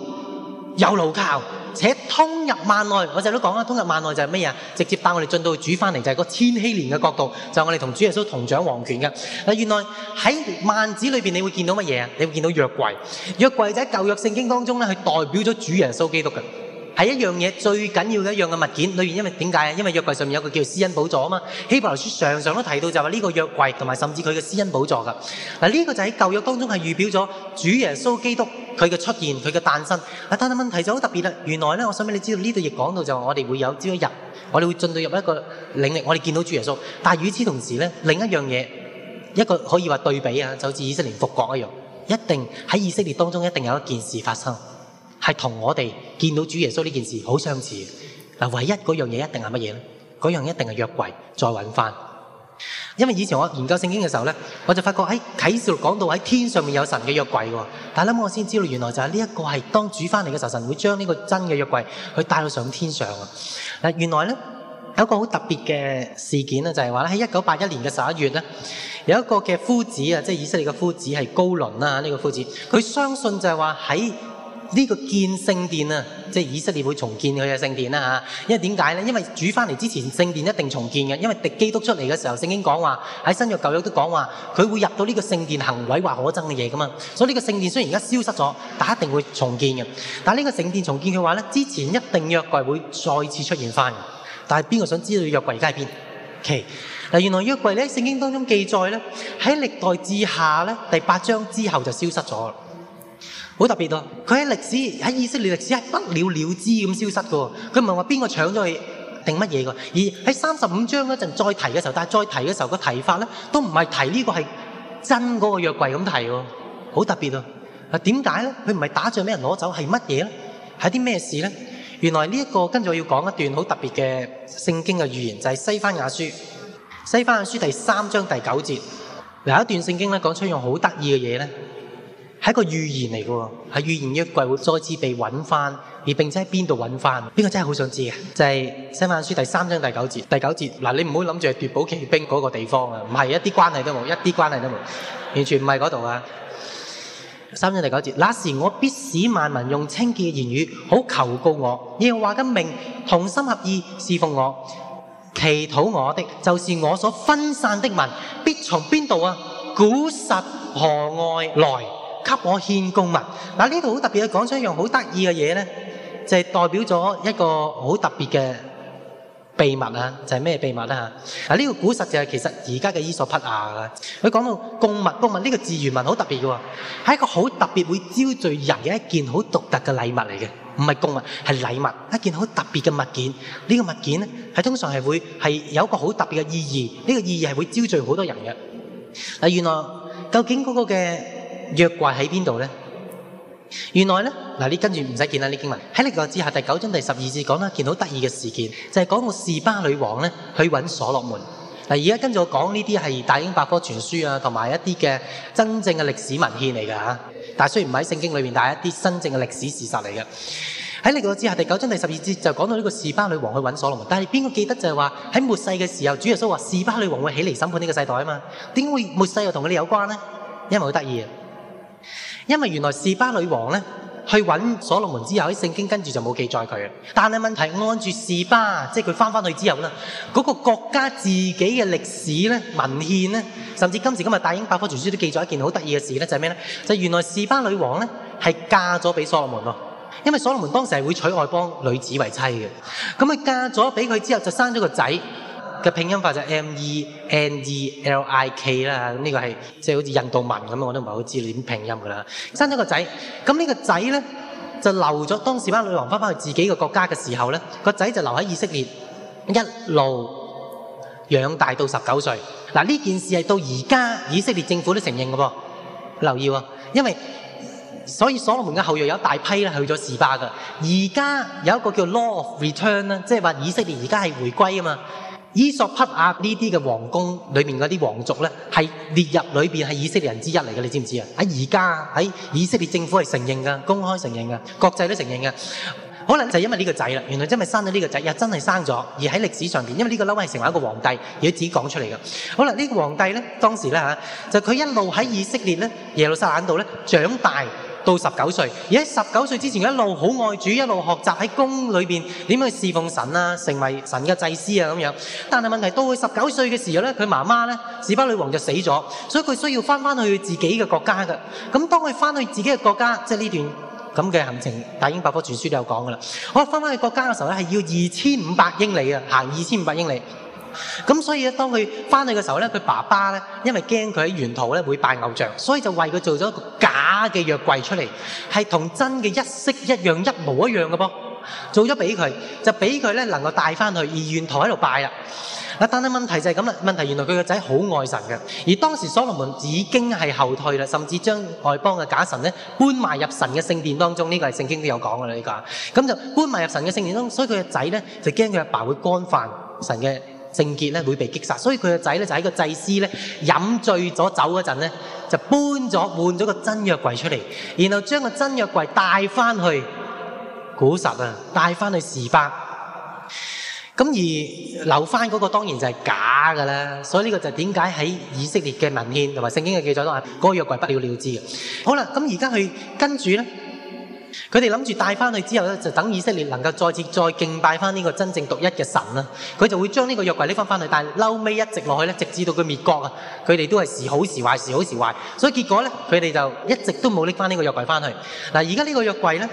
有牢靠。且通入幔內，我哋都講啦，通入幔內就係咩嘢啊？直接帶我哋進到主翻嚟，就係嗰千禧年嘅角度，就係我哋同主耶穌同掌王權嘅。嗱，原來喺幔子裏邊，你會見到乜嘢啊？你會見到約櫃，約櫃喺舊約聖經當中咧，佢代表咗主耶穌基督嘅。係一樣嘢最緊要嘅一樣嘅物件，裏面因為點解啊？因為約櫃上面有一個叫私恩寶座嘛。希伯來書常常都提到就話呢個約櫃同埋甚至佢嘅私恩寶座噶。嗱、這、呢個就喺舊約當中係預表咗主耶穌基督佢嘅出現，佢嘅誕生。但係問題就好特別啦，原來咧我想畀你知道呢度亦講到就係我哋會有朝一日，我哋會進入一個領域，我哋見到主耶穌。但係與此同時呢，另一樣嘢一個可以話對比啊，就好似以色列復國一樣，一定喺以色列當中一定有一件事發生。係同我哋見到主耶穌呢件事好相似。唯一嗰樣嘢一定係乜嘢咧？嗰樣一定係約櫃，再揾返。因為以前我研究聖經嘅時候呢，我就發覺，誒啟示錄講到喺天上面有神嘅約櫃喎。但係我先知道原來就係呢一個係當主返嚟嘅時候，神會將呢個真嘅約櫃去帶到上天上。原來呢，有一個好特別嘅事件咧，就係話咧喺一九八一年嘅十一月咧，有一個嘅夫子啊，即係以色列嘅夫子係高倫啦，呢個夫子，佢相信就係話喺。呢個建聖殿啊，即以色列會重建佢嘅聖殿啦。因為點解呢？因為主返嚟之前，聖殿一定重建嘅。因為敵基督出嚟嘅時候，聖經講話喺新約舊約都講話，佢會入到呢個聖殿行為，行毀壞可憎嘅嘢噶嘛。所以呢個聖殿雖然而家消失咗，但一定會重建嘅。但係呢個聖殿重建嘅話呢，之前一定約櫃會再次出現返。但係邊個想知道約櫃喺邊？奇嗱，原來約櫃咧喺聖經當中記載咧，喺歷代志下咧第八章之後就消失咗。好特別喎！佢喺歷史喺以色列歷史係不了了之咁消失噶喎。佢唔係話邊個搶咗去定乜嘢噶。而喺三十五章嗰陣再提嘅時候，但係再提嘅時候個提法咧，都唔係提呢個係真嗰個約櫃咁提喎。好特別啊！點解咧？佢唔係打仗畀人攞走係乜嘢咧？係啲咩事咧？原來呢一個跟住我要講一段好特別嘅聖經嘅預言，就係西番雅書。西番雅書第三章第九節，有一段聖經咧講出一樣好得意嘅嘢咧。係一個預言嚟嘅喎，係預言呢一季會再次被揾翻，而並且喺邊度揾翻？邊個真係好想知啊？就係西番雅書第三章第九節。第九節嗱，你唔好諗住係奪寶奇兵嗰個地方啊，唔係一啲關係都冇，一啲關係都冇，完全唔係嗰度啊！三章第九節，那時我必使萬民用清潔嘅言語好求告我，耶和華嘅名同心合意侍奉我，祈禱我的就是我所分散的民，必從邊度啊？古實河外來。給我獻供物。嗱，呢度好特別，講出一樣好得意嘅嘢咧，就係代表咗一個好特別嘅秘密啊！就係咩秘密啊？嗱，呢個古實就係其實而家嘅伊索匹亞嘅。佢講到供物，供物呢個字原文好特別嘅喎，係一個好特別會招聚人嘅一件好獨特嘅禮物嚟嘅，唔係供物，係禮物，一件好特別嘅物件。呢個物件咧係通常係會係有一個好特別嘅意義，呢個意義係會招聚好多人嘅。嗱，原來究竟嗰個嘅？約櫃喺邊度咧？原來呢，嗱，你跟住唔使見啦。呢經文喺歷代志下第九章第十二節講啦，見到好得意嘅事件就係、是、講到「示巴女王咧去搵所羅門嗱。而家跟住我講呢啲係大英百科全書啊，同埋一啲嘅真正嘅歷史文獻嚟噶。但係雖然唔喺聖經裏面，但係一啲真正嘅歷史事實嚟噶。喺歷代志下第九章第十二節就講到呢個示巴女王去搵所羅門，但係邊個記得就係話喺末世嘅時候，主耶穌話示巴女王會起嚟審判呢個世代啊嘛？點會末世又同佢哋有關呢？因為好得意。因為原來示巴女王去揾所羅門之後，喺聖經跟住就冇記載佢。但係問題是按住示巴，即係佢翻翻去之後咧，嗰、那個國家自己嘅歷史文獻甚至今時今日大英百科全書都記載一件好得意嘅事，就係咩咧？就是呢就是、原來示巴女王咧係嫁咗俾所羅門喎，因為所羅門當時係會娶外邦女子為妻嘅。咁佢嫁咗俾佢之後，就生咗個仔。嘅拼音法就 M E N E L I K 啦，咁呢個係即係好似印度文咁我都唔係好知點拼音㗎啦。生咗個仔，咁、這個、呢個仔咧就留咗當時班女王翻翻去自己嘅國家嘅時候咧，這個仔就留喺以色列，一路養大到十九歲。嗱呢件事係到而家以色列政府都承認嘅噃，留意、哦，因為所以所羅門嘅後裔有一大批去咗示巴噶。而家有一個叫 Law of Return 啦，即係話以色列而家係回歸啊嘛。伊索匹亞呢啲嘅王宮裏面嗰啲皇族呢，係列入裏面，係以色列人之一嚟嘅，你知唔知啊？喺而家喺以色列政府係承認嘅，公開承認嘅，國際都承認嘅。可能就是、因為呢個仔啦，原來真係生咗呢個仔，又真係生咗，而喺歷史上面，因為呢個嬲係成為一個皇帝，而自己講出嚟嘅。好啦，呢、這個皇帝呢，當時呢，就佢一路喺以色列咧，耶路撒冷度咧長大。到十九歲，而喺十九歲之前，一路好愛主，一路學習喺宮裏邊點樣去侍奉神啊，成為神嘅祭司啊咁樣。但係問題是到佢十九歲嘅時候咧，佢媽媽咧，示巴女王就死咗，所以佢需要翻翻去自己嘅國家嘅。咁當佢翻去自己嘅國家，即呢段咁嘅行程，《大英百科全書》都有講噶啦。我翻翻去國家嘅時候呢，係要二千五百英里啊，行二千五百英里。咁所以咧，當佢翻去嘅時候咧，佢爸爸咧，因為驚佢喺沿途咧會拜偶像，所以就為佢做咗一個假嘅約櫃出嚟，係同真嘅一式一樣，一模一樣嘅噃，做咗俾佢，就俾佢咧能夠帶翻去而沿途喺度拜啦。但係問題就係咁啦。問題原來佢個仔好愛神嘅，而當時所羅門已經係後退啦，甚至將外邦嘅假神咧搬埋入神嘅聖殿當中，呢個係聖經都有講噶啦呢個。咁就搬埋入神嘅聖殿中，所以佢嘅仔咧就驚佢阿爸會干犯神嘅。聖潔咧會被擊殺，所以佢嘅仔咧就喺個祭司咧飲醉咗酒嗰陣咧，就搬咗換咗個真約櫃出嚟，然後將個真約櫃帶翻去古實啊，帶翻去示巴，咁而留翻嗰個當然就係假㗎啦，所以呢個就點解喺以色列嘅文獻同埋聖經嘅記載都話嗰個約櫃不了了之嘅。好啦，咁而家去跟住咧。佢哋諗住帶翻去之後咧，就等以色列能夠再次再敬拜翻呢個真正獨一嘅神啦。佢就會將呢個約櫃拎翻翻去，但係嬲尾一直落去，直至到佢滅國啊，佢哋都係時好時壞，時好時壞，所以結果呢，佢哋就一直都冇拎翻呢個約櫃翻去。嗱，而家呢個約櫃呢。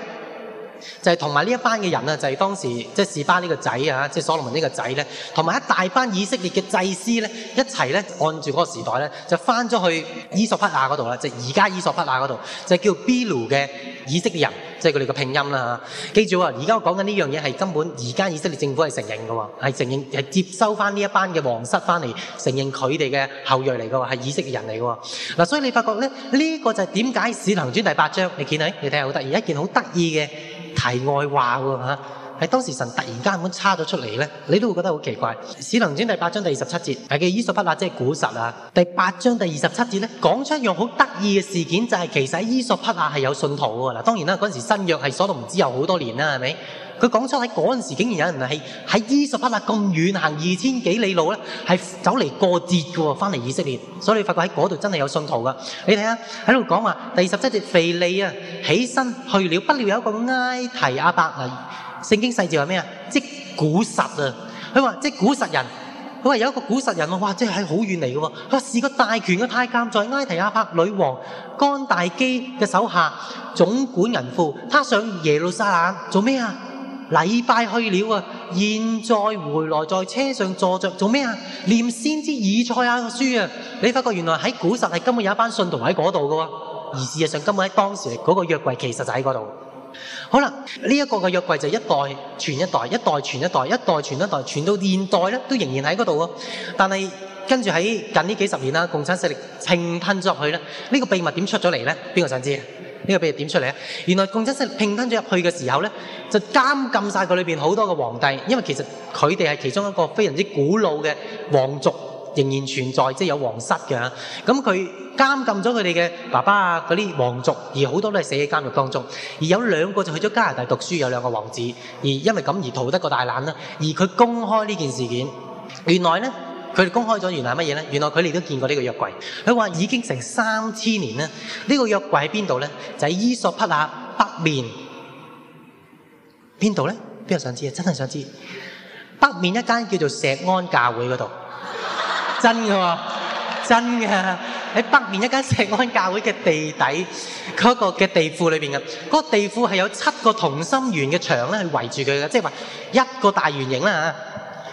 就係同埋呢班嘅人就係、是、當時即係士巴呢個仔即係所羅門呢個仔同埋一大班以色列嘅祭司咧，一齊咧按住嗰個時代咧，就翻咗去了伊索匹亞嗰度啦，就而家伊索匹亞嗰度，就叫 Bilu 嘅以色列人，即係佢哋嘅拼音啦。記住啊，而家講緊呢樣嘢係根本而家以色列政府係承認嘅喎，係承認接收翻呢一班嘅皇室翻嚟，承認佢哋嘅後裔嚟嘅喎，係以色列人嚟嘅喎。嗱，所以你發覺咧，呢、這個就係點解使徒行傳第八章你見啊？你睇下好得意，一件好得意嘅。題外話喎嚇，喺當時神突然間咁插咗出嚟咧，你都會覺得好奇怪。史能經第八章第二十七節，記伊索匹亞即係古實啊。第八章第二十七節咧，講出一樣好得意嘅事件，就係、是、其實伊索匹亞係有信徒嘅嗱。當然啦，嗰陣時新約係所都唔知有好多年啦，係咪？佢講出喺嗰陣時，竟然有人係喺伊索匹亞咁遠行二千幾里路咧，係走嚟過節嘅喎，翻嚟以色列。所以你發覺喺嗰度真係有信徒嘅。你睇下喺度講話，第二十七節，腓利啊，起身去了。不料有一個埃提阿伯嗱，聖經細字話咩啊？即古實啊，佢話即古實人，佢話有一個古實人喎，哇！真係好遠嚟嘅喎。佢話是個大權嘅太監，在埃提阿伯女王干大基嘅手下總管銀庫，他上耶路撒冷做咩啊？禮拜去了啊！現在回來，在車上坐着做咩啊？念先知以賽亞書啊！你發覺原來喺古實係根本有一班信徒喺嗰度嘅喎，而事實上根本喺當時嗰個約櫃其實就喺嗰度。好啦，呢一個嘅約櫃就一代傳一代，一代傳一代，一代傳一代，傳到現代咧都仍然喺嗰度喎。但係跟住喺近呢幾十年啦，共產勢力侵吞咗去咧，呢個秘密點出咗嚟咧？邊個想知？呢個秘密點出嚟咧？原來共產黨併吞咗入去嘅時候咧，就監禁晒佢裏面好多嘅皇帝，因為其實佢哋係其中一個非常之古老嘅皇族仍然存在，即係有皇室嘅。咁佢監禁咗佢哋嘅爸爸啊，嗰啲皇族而好多都係死喺監獄當中，而有兩個就去咗加拿大讀書，有兩個王子而因為咁而逃得過大難啦。而佢公開呢件事件，原來咧。佢哋公開咗原來乜嘢咧？原來佢哋都見過呢個約櫃。佢話已經成三千年啦。呢個約櫃喺邊度呢？就喺伊索匹亞北面邊度呢？邊個想知啊？真係想知！北面一間叫做石安教會嗰度， 真㗎嘛？真㗎！喺北面一間石安教會嘅地底嗰個嘅地庫裏面。嘅，嗰個地庫係有七個同心圓嘅牆咧，係圍住佢嘅，即係話一個大圓形啦。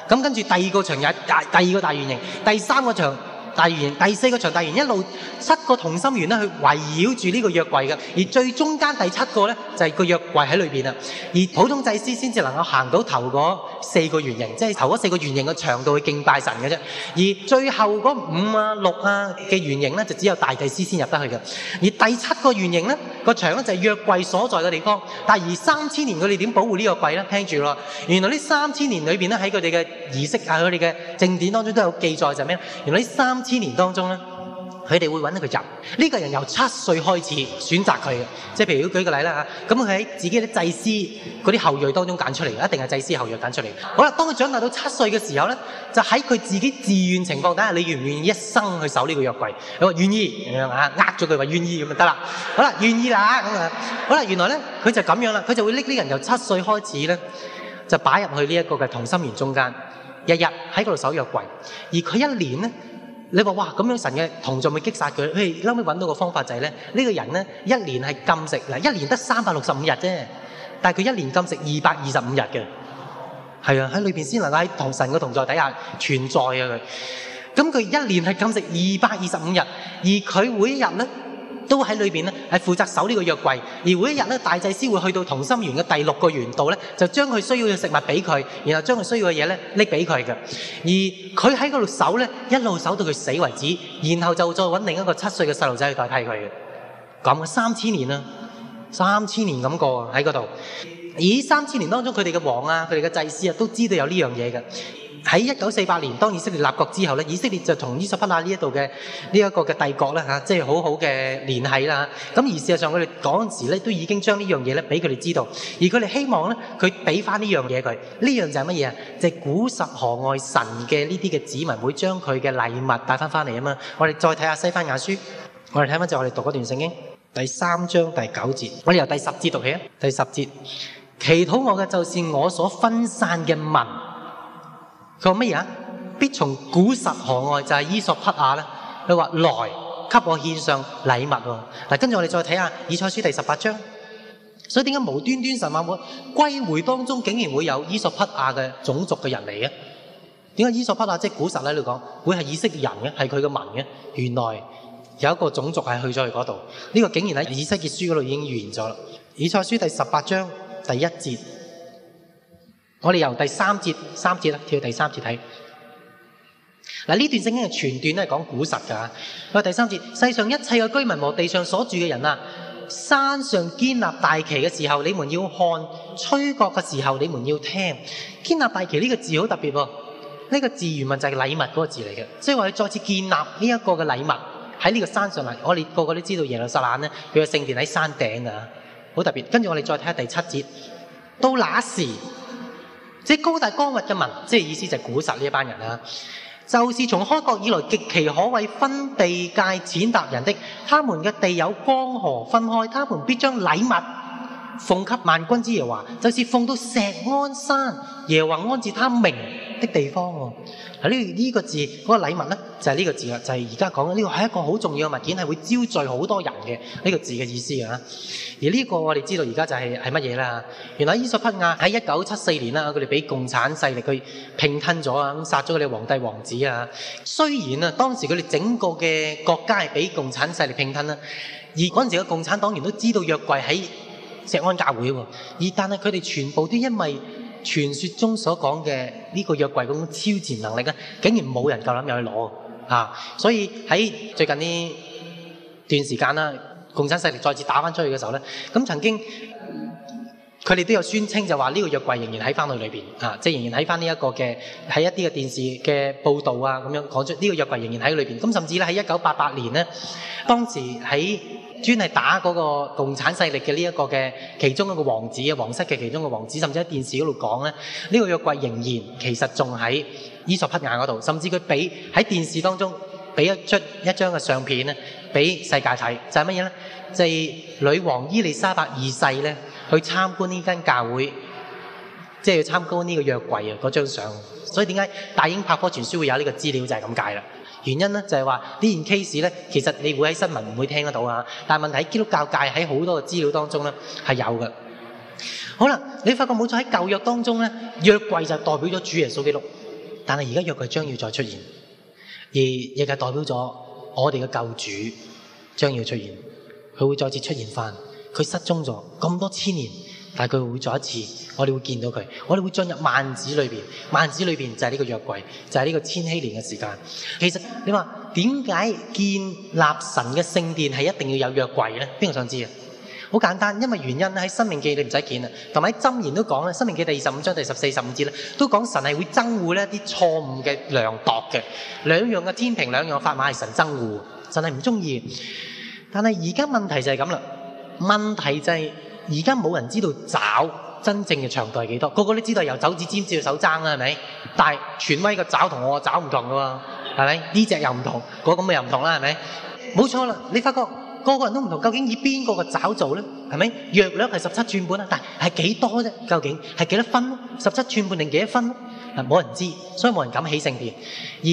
咁跟住第二個場又係第二個大圓形，第三個場。大圓，第四個長大圓一路七個同心圓去圍繞住呢個約櫃嘅。而最中間第七個呢，就係個約櫃喺裏面。啊。而普通祭司先至能夠行到頭嗰四個圓形，即係頭嗰四個圓形嘅長度去敬拜神嘅啫。而最後嗰五啊六啊嘅圓形呢，就只有大祭司先入得去嘅。而第七個圓形呢，那個牆咧就係約櫃所在嘅地方。但係而三千年佢哋點保護呢個櫃呢？聽住啦，原來呢三千年裏面咧，喺佢哋嘅儀式啊，佢哋嘅正典當中都有記載，就係咩？原來呢三千年當中咧，佢哋會揾一個人，呢個人由七歲開始選擇佢嘅，即係譬如舉個例啦嚇，咁佢喺自己啲祭司嗰啲後裔當中揀出嚟嘅，一定係祭司後裔揀出嚟。好啦，當佢長大到七歲嘅時候咧，就喺佢自己自願情況底下，看看你願唔願意一生去守呢個約櫃？你話願意咁呃咗佢話願意咁就得啦。好啦，願意啦咁啊，好啦，原來咧佢就咁樣啦，佢就會拎呢個人由七歲開始咧，就擺入去呢一個嘅同心圓中間，日日喺嗰度守約櫃，而佢一年咧。你話哇咁樣神嘅同在咪擊殺佢？佢後屘揾到一個方法就係、是、咧，呢、這個人呢一年係禁食，一年得三百六十五日啫，但係佢一年禁食二百二十五日嘅，係啊，喺裏面先能夠喺同神嘅同在底下存在啊佢。咁佢一年係禁食二百二十五日，而佢每日呢。都喺裏邊咧，係負責守呢個約櫃。而每一日咧，大祭司會去到同心圓嘅第六個圓度，咧，就將佢需要嘅食物俾佢，然後將佢需要嘅嘢咧，拎俾佢嘅。而佢喺嗰度守咧，一路守到佢死為止，然後就再揾另一個七歲嘅細路仔去代替佢嘅。咁三千年啦，三千年咁過喺嗰度。而三千年當中，佢哋嘅王啊，佢哋嘅祭司啊，都知道有呢樣嘢嘅。喺一九四八年，當以色列立國之後，以色列就同伊索匹亞呢度嘅呢一個嘅帝國咧吓、啊，即係好好嘅聯繫啦。咁、啊、而事實上，佢哋嗰時咧，都已經將呢樣嘢咧俾佢哋知道，而佢哋希望咧，佢俾翻呢樣嘢佢。呢樣就係乜嘢啊？就是、古實河外神嘅呢啲嘅子民會將佢嘅禮物帶翻翻嚟啊嘛。我哋再睇下《西番雅書》，我哋睇翻就是我哋讀嗰段聖經第三章第九節，我哋由第十節讀起。第十節，祈禱我嘅就是我所分散嘅民。佢話乜嘢？必從古實河外就係、是、伊索匹亞啦。佢話來，給我獻上禮物。嗱，跟住我哋再睇下以賽書第十八章。所以點解無端端神馬會歸回當中，竟然會有伊索匹亞嘅種族嘅人嚟嘅？點解伊索匹亞即古實喺度講，會係以色列人嘅，係佢嘅民嘅？原來有一個種族係去咗去嗰度。呢、這個竟然喺以西結書嗰度已經預言咗。以賽書第十八章第一節。我哋由第三節、三節啦，跳到第三節睇。嗱，呢段聖經嘅全段都係講古實㗎。佢話第三節，世上一切嘅居民和地上所住嘅人啊，山上建立大旗嘅時候，你們要看；吹角嘅時候，你們要聽。建立大旗呢個字好特別喎，呢、這個字原文就係禮物嗰個字嚟嘅，所以話佢再次建立呢一個嘅禮物喺呢個山上嚟。我哋個個都知道耶路撒冷呢，佢嘅聖殿喺山頂啊。好特別。跟住我哋再睇下第七節，到那時。即高大光滑嘅民，即是意思就係古實呢一班人啦。就是從開國以來極其可畏分地界踐踏人的，他們嘅地有江河分開，他們必將禮物奉給萬軍之耶和華，就是奉到錫安山，耶和華安置他名。的地方呢，呢、這個這個字，嗰個禮物呢，就係呢個字啊，就係而家講嘅呢個係一個好重要嘅物件，係會招聚好多人嘅呢個字嘅意思啊。而呢個我哋知道而家就係係乜嘢啦？原來伊索匹亞喺一九七四年啦，佢哋俾共產勢力去拼吞咗啊，咁殺咗佢哋皇帝王子啊。雖然啊，當時佢哋整個嘅國家係俾共產勢力拼吞啦，而嗰陣時嘅共產黨員都知道約櫃喺石安教會喎，而但係佢哋全部都因為傳説中所講嘅。呢個約櫃嗰種超前能力咧，竟然冇人夠膽入去攞。啊、所以喺最近呢段時間呢，共產勢力再次打返出去嘅時候呢，咁曾經。佢哋都有宣稱就話呢個約櫃仍然喺翻去裏邊啊，即係仍然喺翻呢一個嘅，喺一啲嘅電視嘅報導啊，咁樣講出呢、這個約櫃仍然喺裏面。咁甚至咧喺一九八八年呢，當時喺專係打嗰個共產勢力嘅呢一個嘅其中一個王子啊，皇室嘅其中一個王子，甚至喺電視嗰度講咧，呢、這個約櫃仍然其實仲喺伊索匹亞嗰度。甚至佢俾喺電視當中俾一張一張嘅相片咧俾世界睇，就係乜嘢呢？就係、是、女王伊麗莎白二世呢。去參觀呢間教會，即係要參觀呢個約櫃啊，嗰張相。所以點解大英百科全書會有呢個資料就係咁解啦。原因咧就係話呢件 case 咧，其實你會喺新聞唔會聽得到啊。但係問題基督教界喺好多嘅資料當中咧係有嘅。好啦，你發覺冇錯喺舊約當中咧，約櫃就代表咗主耶穌基督。但係而家約櫃將要再出現，而亦係代表咗我哋嘅舊主將要出現，佢會再次出現翻。佢失蹤咗咁多千年，但係佢會再一次，我哋會見到佢，我哋會進入萬子裏邊，萬子裏邊就係呢個約櫃，就係、是、呢個千禧年嘅時間。其實你話點解建立神嘅聖殿係一定要有約櫃咧？邊個想知啊？好簡單，因為原因喺《申命記》你唔使見啦，同埋喺《箴言》都講咧，《申命記》第二十五章第十四十五節咧，都講神係會憎惡呢啲錯誤嘅量度嘅，兩樣嘅天平，兩樣嘅法碼係神憎惡，神係唔中意。但係而家問題就係咁啦。問題就係、是，而家冇人知道爪真正嘅長度係幾多少，個個都知道由手指尖至到手踭啦，係咪？但係權威嘅爪，和我爪不同我嘅爪唔同嘅喎，係咪？呢隻又唔同，嗰咁嘅又唔同啦，係咪？冇錯啦，你發覺個個人都唔同，究竟以邊個嘅爪做咧？係咪？約率係十七寸半，但係係幾多啫？究竟係幾多少分？十七寸半定幾多少分？嗱，冇人知，所以冇人敢起聖殿。而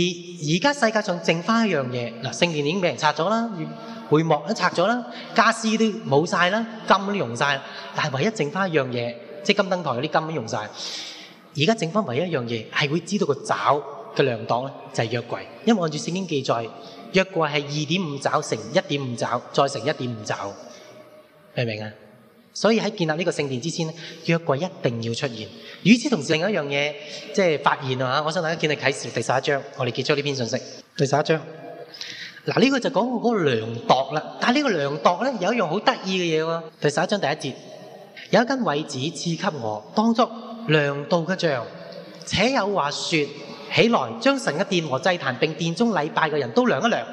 而家世界上剩翻一樣嘢，嗱，聖殿已經俾人拆咗啦。帷幕都拆咗啦，家私都冇晒啦，金都用晒，但係唯一剩翻一樣嘢，即係金燈台嗰啲金都用晒。而家剩翻唯一一樣嘢，係會知道個爪嘅量檔咧，就係約櫃。因為按照聖經記載，約櫃係二點五爪乘一點五爪再乘一點五爪，明唔明啊？所以喺建立呢個聖殿之前，約櫃一定要出現。與此同時，另一樣嘢即係發現啊！我想大家見《啟示錄》第十一章，我哋結束呢篇信息。第十一章。嗱，呢個就講到嗰個量度啦。但係呢個量度咧，有一樣好得意嘅嘢喎。第十一章第一節，有一根位置，賜給我，當作量度嘅杖。且有話説起來，將神嘅殿和祭壇並殿中禮拜嘅人都量一量，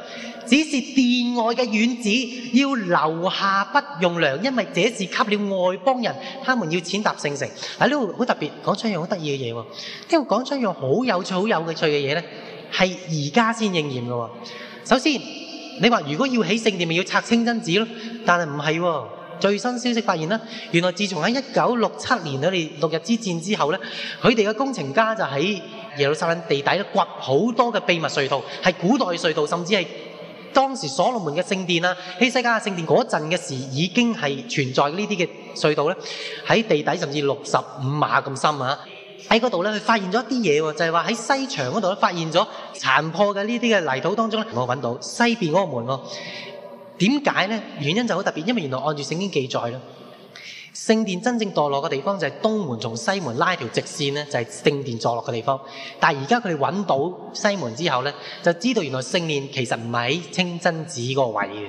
只是殿外嘅院子要留下不用量，因為這是給了外邦人，他們要踐踏聖城。係呢度好特別，講出一樣好得意嘅嘢喎。因為講出一樣好有趣，的趣的、好有趣嘅嘢咧，係而家先應驗嘅喎。首先，你話如果要起聖殿，咪要拆清真寺咯，但係唔係喎？最新消息發現呢，原來自從喺一九六七年佢哋六日之戰之後呢，佢哋嘅工程家就喺耶路撒冷地底咧，掘好多嘅秘密隧道，係古代隧道，甚至係當時所羅門嘅聖殿啦、希西家聖殿嗰陣嘅時已經係存在呢啲嘅隧道呢，喺地底甚至六十五碼咁深啊！喺嗰度咧，佢發現咗一啲嘢喎，就係話喺西牆嗰度咧，發現咗殘破嘅呢啲嘅泥土當中咧，我揾到西邊嗰個門喎。點解呢？原因就好特別，因為原來按住聖經記載咧，聖殿真正墜落嘅地方就係東門從西門拉一條直線咧，就係聖殿坐落嘅地方。但係而家佢哋揾到西門之後呢，就知道原來聖殿其實唔係喺清真寺嗰個位嘅，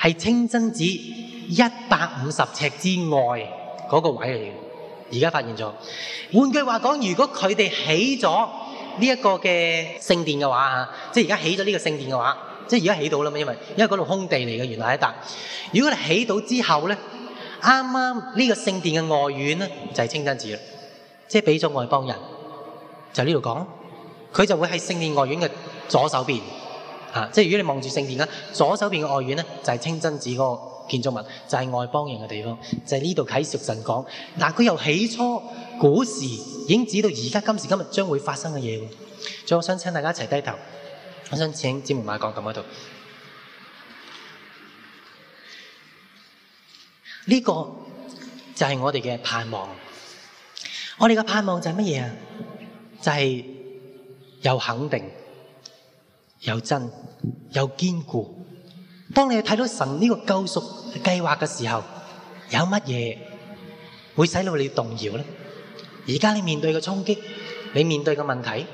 係清真寺一百五十尺之外嗰個位嚟而家發現咗，換句話講，如果佢哋起咗呢一個嘅聖殿嘅話啊，即係而家起咗呢個聖殿嘅話，即係而家起到啦嘛，因為因為嗰度空地嚟嘅，原來一笪。如果你起到之後咧，啱啱呢個聖殿嘅外院咧，就係清真寺啦，即係俾咗外邦人，就呢度講，佢就會喺聖殿外院嘅左手邊，嚇，即係如果你望住聖殿嘅左手邊嘅外院咧，就係清真寺嗰個。建築物就係、是、外邦人嘅地方，就係呢度啟屬神講。但佢又起初古時已經知道而家今時今日將會發生嘅嘢。咁，我想請大家一齊低頭。我想請姐妹馬講到嗰度。呢、這個就係我哋嘅盼望。我哋嘅盼望就係乜嘢啊？就係、是、有肯定、有真、有堅固。當你睇到神呢個救贖。計劃嘅時候有乜嘢會使到你動搖咧？而家你面對嘅衝擊，你面對嘅問題，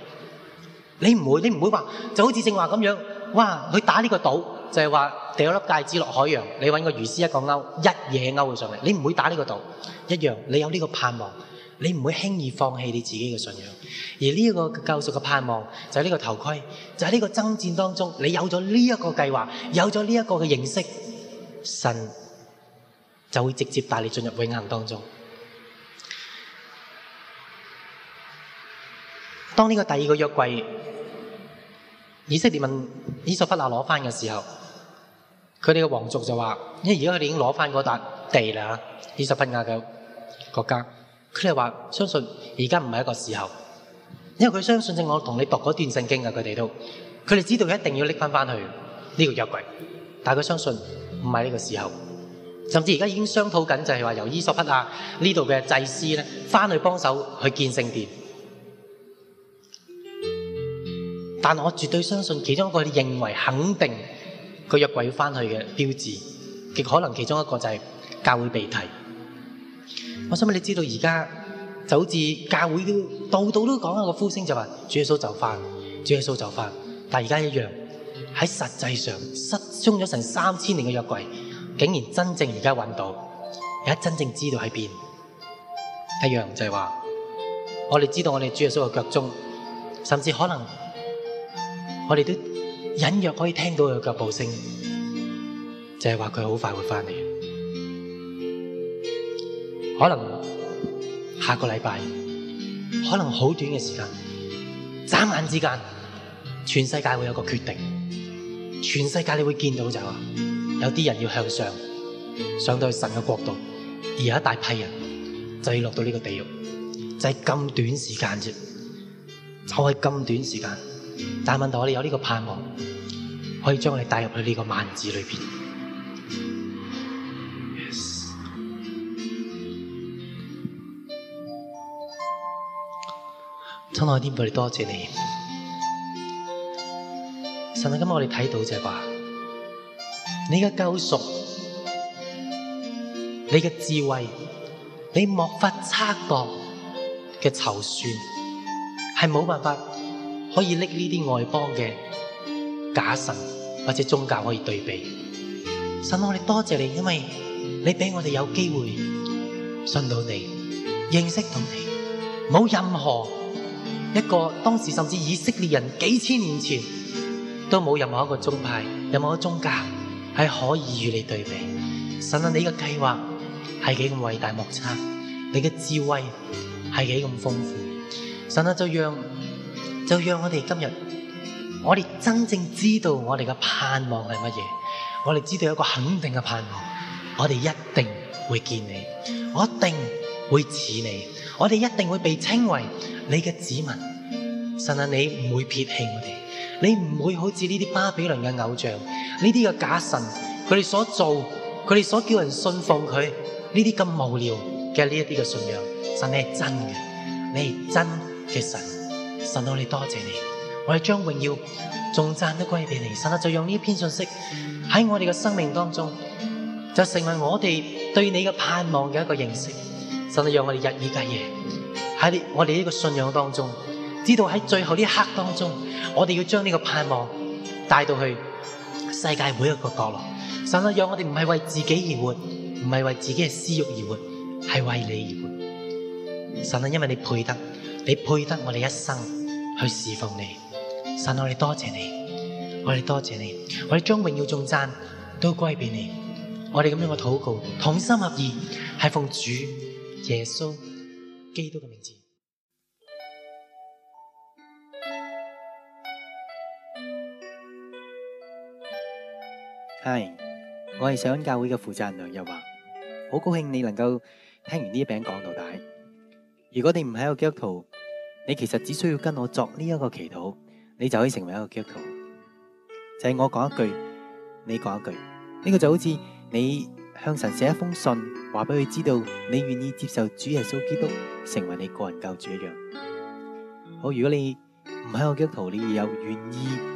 你唔會，你唔會話就好似正話咁樣，哇！去打呢個賭，就係話掉粒戒指落海洋，你揾個魚絲一個勾，一夜勾咗上嚟。你唔會打呢個賭，一樣，你有呢個盼望，你唔會輕易放棄你自己嘅信仰。而呢一個救贖嘅盼望，就係呢個頭盔，就係呢個爭戰當中，你有咗呢一個計劃，有咗呢一個嘅認識。神就會直接帶你進入永恆當中。當呢個第二個約櫃，以色列人伊索匹亞攞翻嘅時候，佢哋嘅皇族就話，因為而家佢哋已經攞翻嗰笪地啦，伊索匹亞嘅國家，佢哋話相信而家唔係一個時候，因為佢相信正我同你讀嗰段聖經啊，佢哋都，佢哋知道一定要拎翻翻去呢個約櫃，但係佢相信。唔係呢個時候，甚至而家已經商討緊，就係話由伊索匹亞呢度嘅祭司咧，翻去幫手去建聖殿。但我絕對相信其中一個你認為肯定佢約櫃要翻去嘅標誌，極可能其中一個就係教會被提。我想問你知道而家就好似教會都度度都講一個呼聲，就話主耶穌就翻，主耶穌就翻，但而家一樣。喺實際上失蹤咗成三千年嘅約櫃，竟然真正而家揾到，而家真正知道喺邊。一樣就係話，我哋知道我哋主耶穌嘅腳蹤，甚至可能我哋都隱約可以聽到佢腳步聲，就係話佢好快會翻嚟。可能下個禮拜，可能好短嘅時間，眨眼之間，全世界會有個決定。全世界你會見到就係話，有啲人要向上，上到去神嘅國度，而有一大批人就要落到呢個地獄，就係、是、咁短時間啫。就係、是、咁短時間，但係問題我哋有呢個盼望，可以將我哋帶入去呢個萬字裏邊。Yes. 親愛嘅天父，你多謝你。神啊，今日我哋睇到就係話，你嘅救贖、你嘅智慧、你莫法測度嘅籌算，係冇辦法可以拎呢啲外邦嘅假神或者宗教可以對比。神，我哋多謝你，因為你俾我哋有機會信到你、認識到你，冇任何一個當時甚至以色列人幾千年前。都冇任何一個宗派，任何一個宗教係可以與你對比。神啊，你嘅計劃係幾咁偉大莫測，你嘅智慧係幾咁豐富。神啊，就讓就讓我哋今日，我哋真正知道我哋嘅盼望係乜嘢。我哋知道有個肯定嘅盼望，我哋一定會見你，我一定會似你，我哋一定會被稱為你嘅子民。神啊，你唔會撇棄我哋。你唔會好似呢啲巴比倫嘅偶像，呢啲嘅假神，佢哋所做，佢哋所叫人信奉佢，呢啲咁無聊嘅呢一啲嘅信仰。神你，你係真嘅，你係真嘅神。神啊，你多謝你，我哋將榮耀仲讚得歸俾你。神啊，就用呢篇信息喺我哋嘅生命當中，就成為我哋對你嘅盼望嘅一個認識。神啊，就讓我哋日以繼夜喺我哋呢個信仰當中。知道喺最後呢一刻當中，我哋要將呢個盼望帶到去世界每一個角落。神啊，讓我哋唔係為自己而活，唔係為自己嘅私欲而活，係為你而活。神啊，因為你配得，你配得我哋一生去侍奉你。神啊，我哋多謝你，我哋多謝你，我哋將榮耀頌讚都歸俾你。我哋咁樣嘅禱告，同心合意，係奉主耶穌基督嘅名字。係，我係上恩教會嘅負責人梁日華，好高興你能夠聽完呢一篇講道。如果你唔係一個基督徒，你其實只需要跟我作呢一個祈禱，你就可以成為一個基督徒。就係我講一句，你講一句，呢個就好似你向神寫一封信，話俾佢知道你願意接受主耶穌基督成為你個人救主一樣。好，如果你唔係一個基督徒，你又有願意？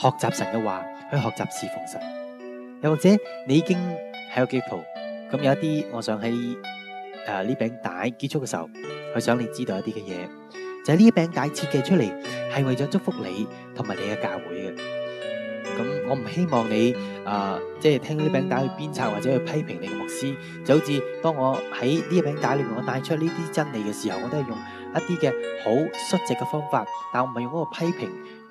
學習神嘅話，去學習侍奉神。又或者你已經喺個教會，咁有一啲，我想喺誒呢餅帶結束嘅時候，去想你知道一啲嘅嘢。就係呢餅帶設計出嚟，係為咗祝福你同埋你嘅教會嘅。咁我唔希望你誒，即係聽呢餅帶去鞭策或者去批評你嘅牧師。就好似當我喺呢餅帶裏面，我帶出呢啲真理嘅時候，我都係用一啲嘅好率直嘅方法，但係我唔係用嗰個批評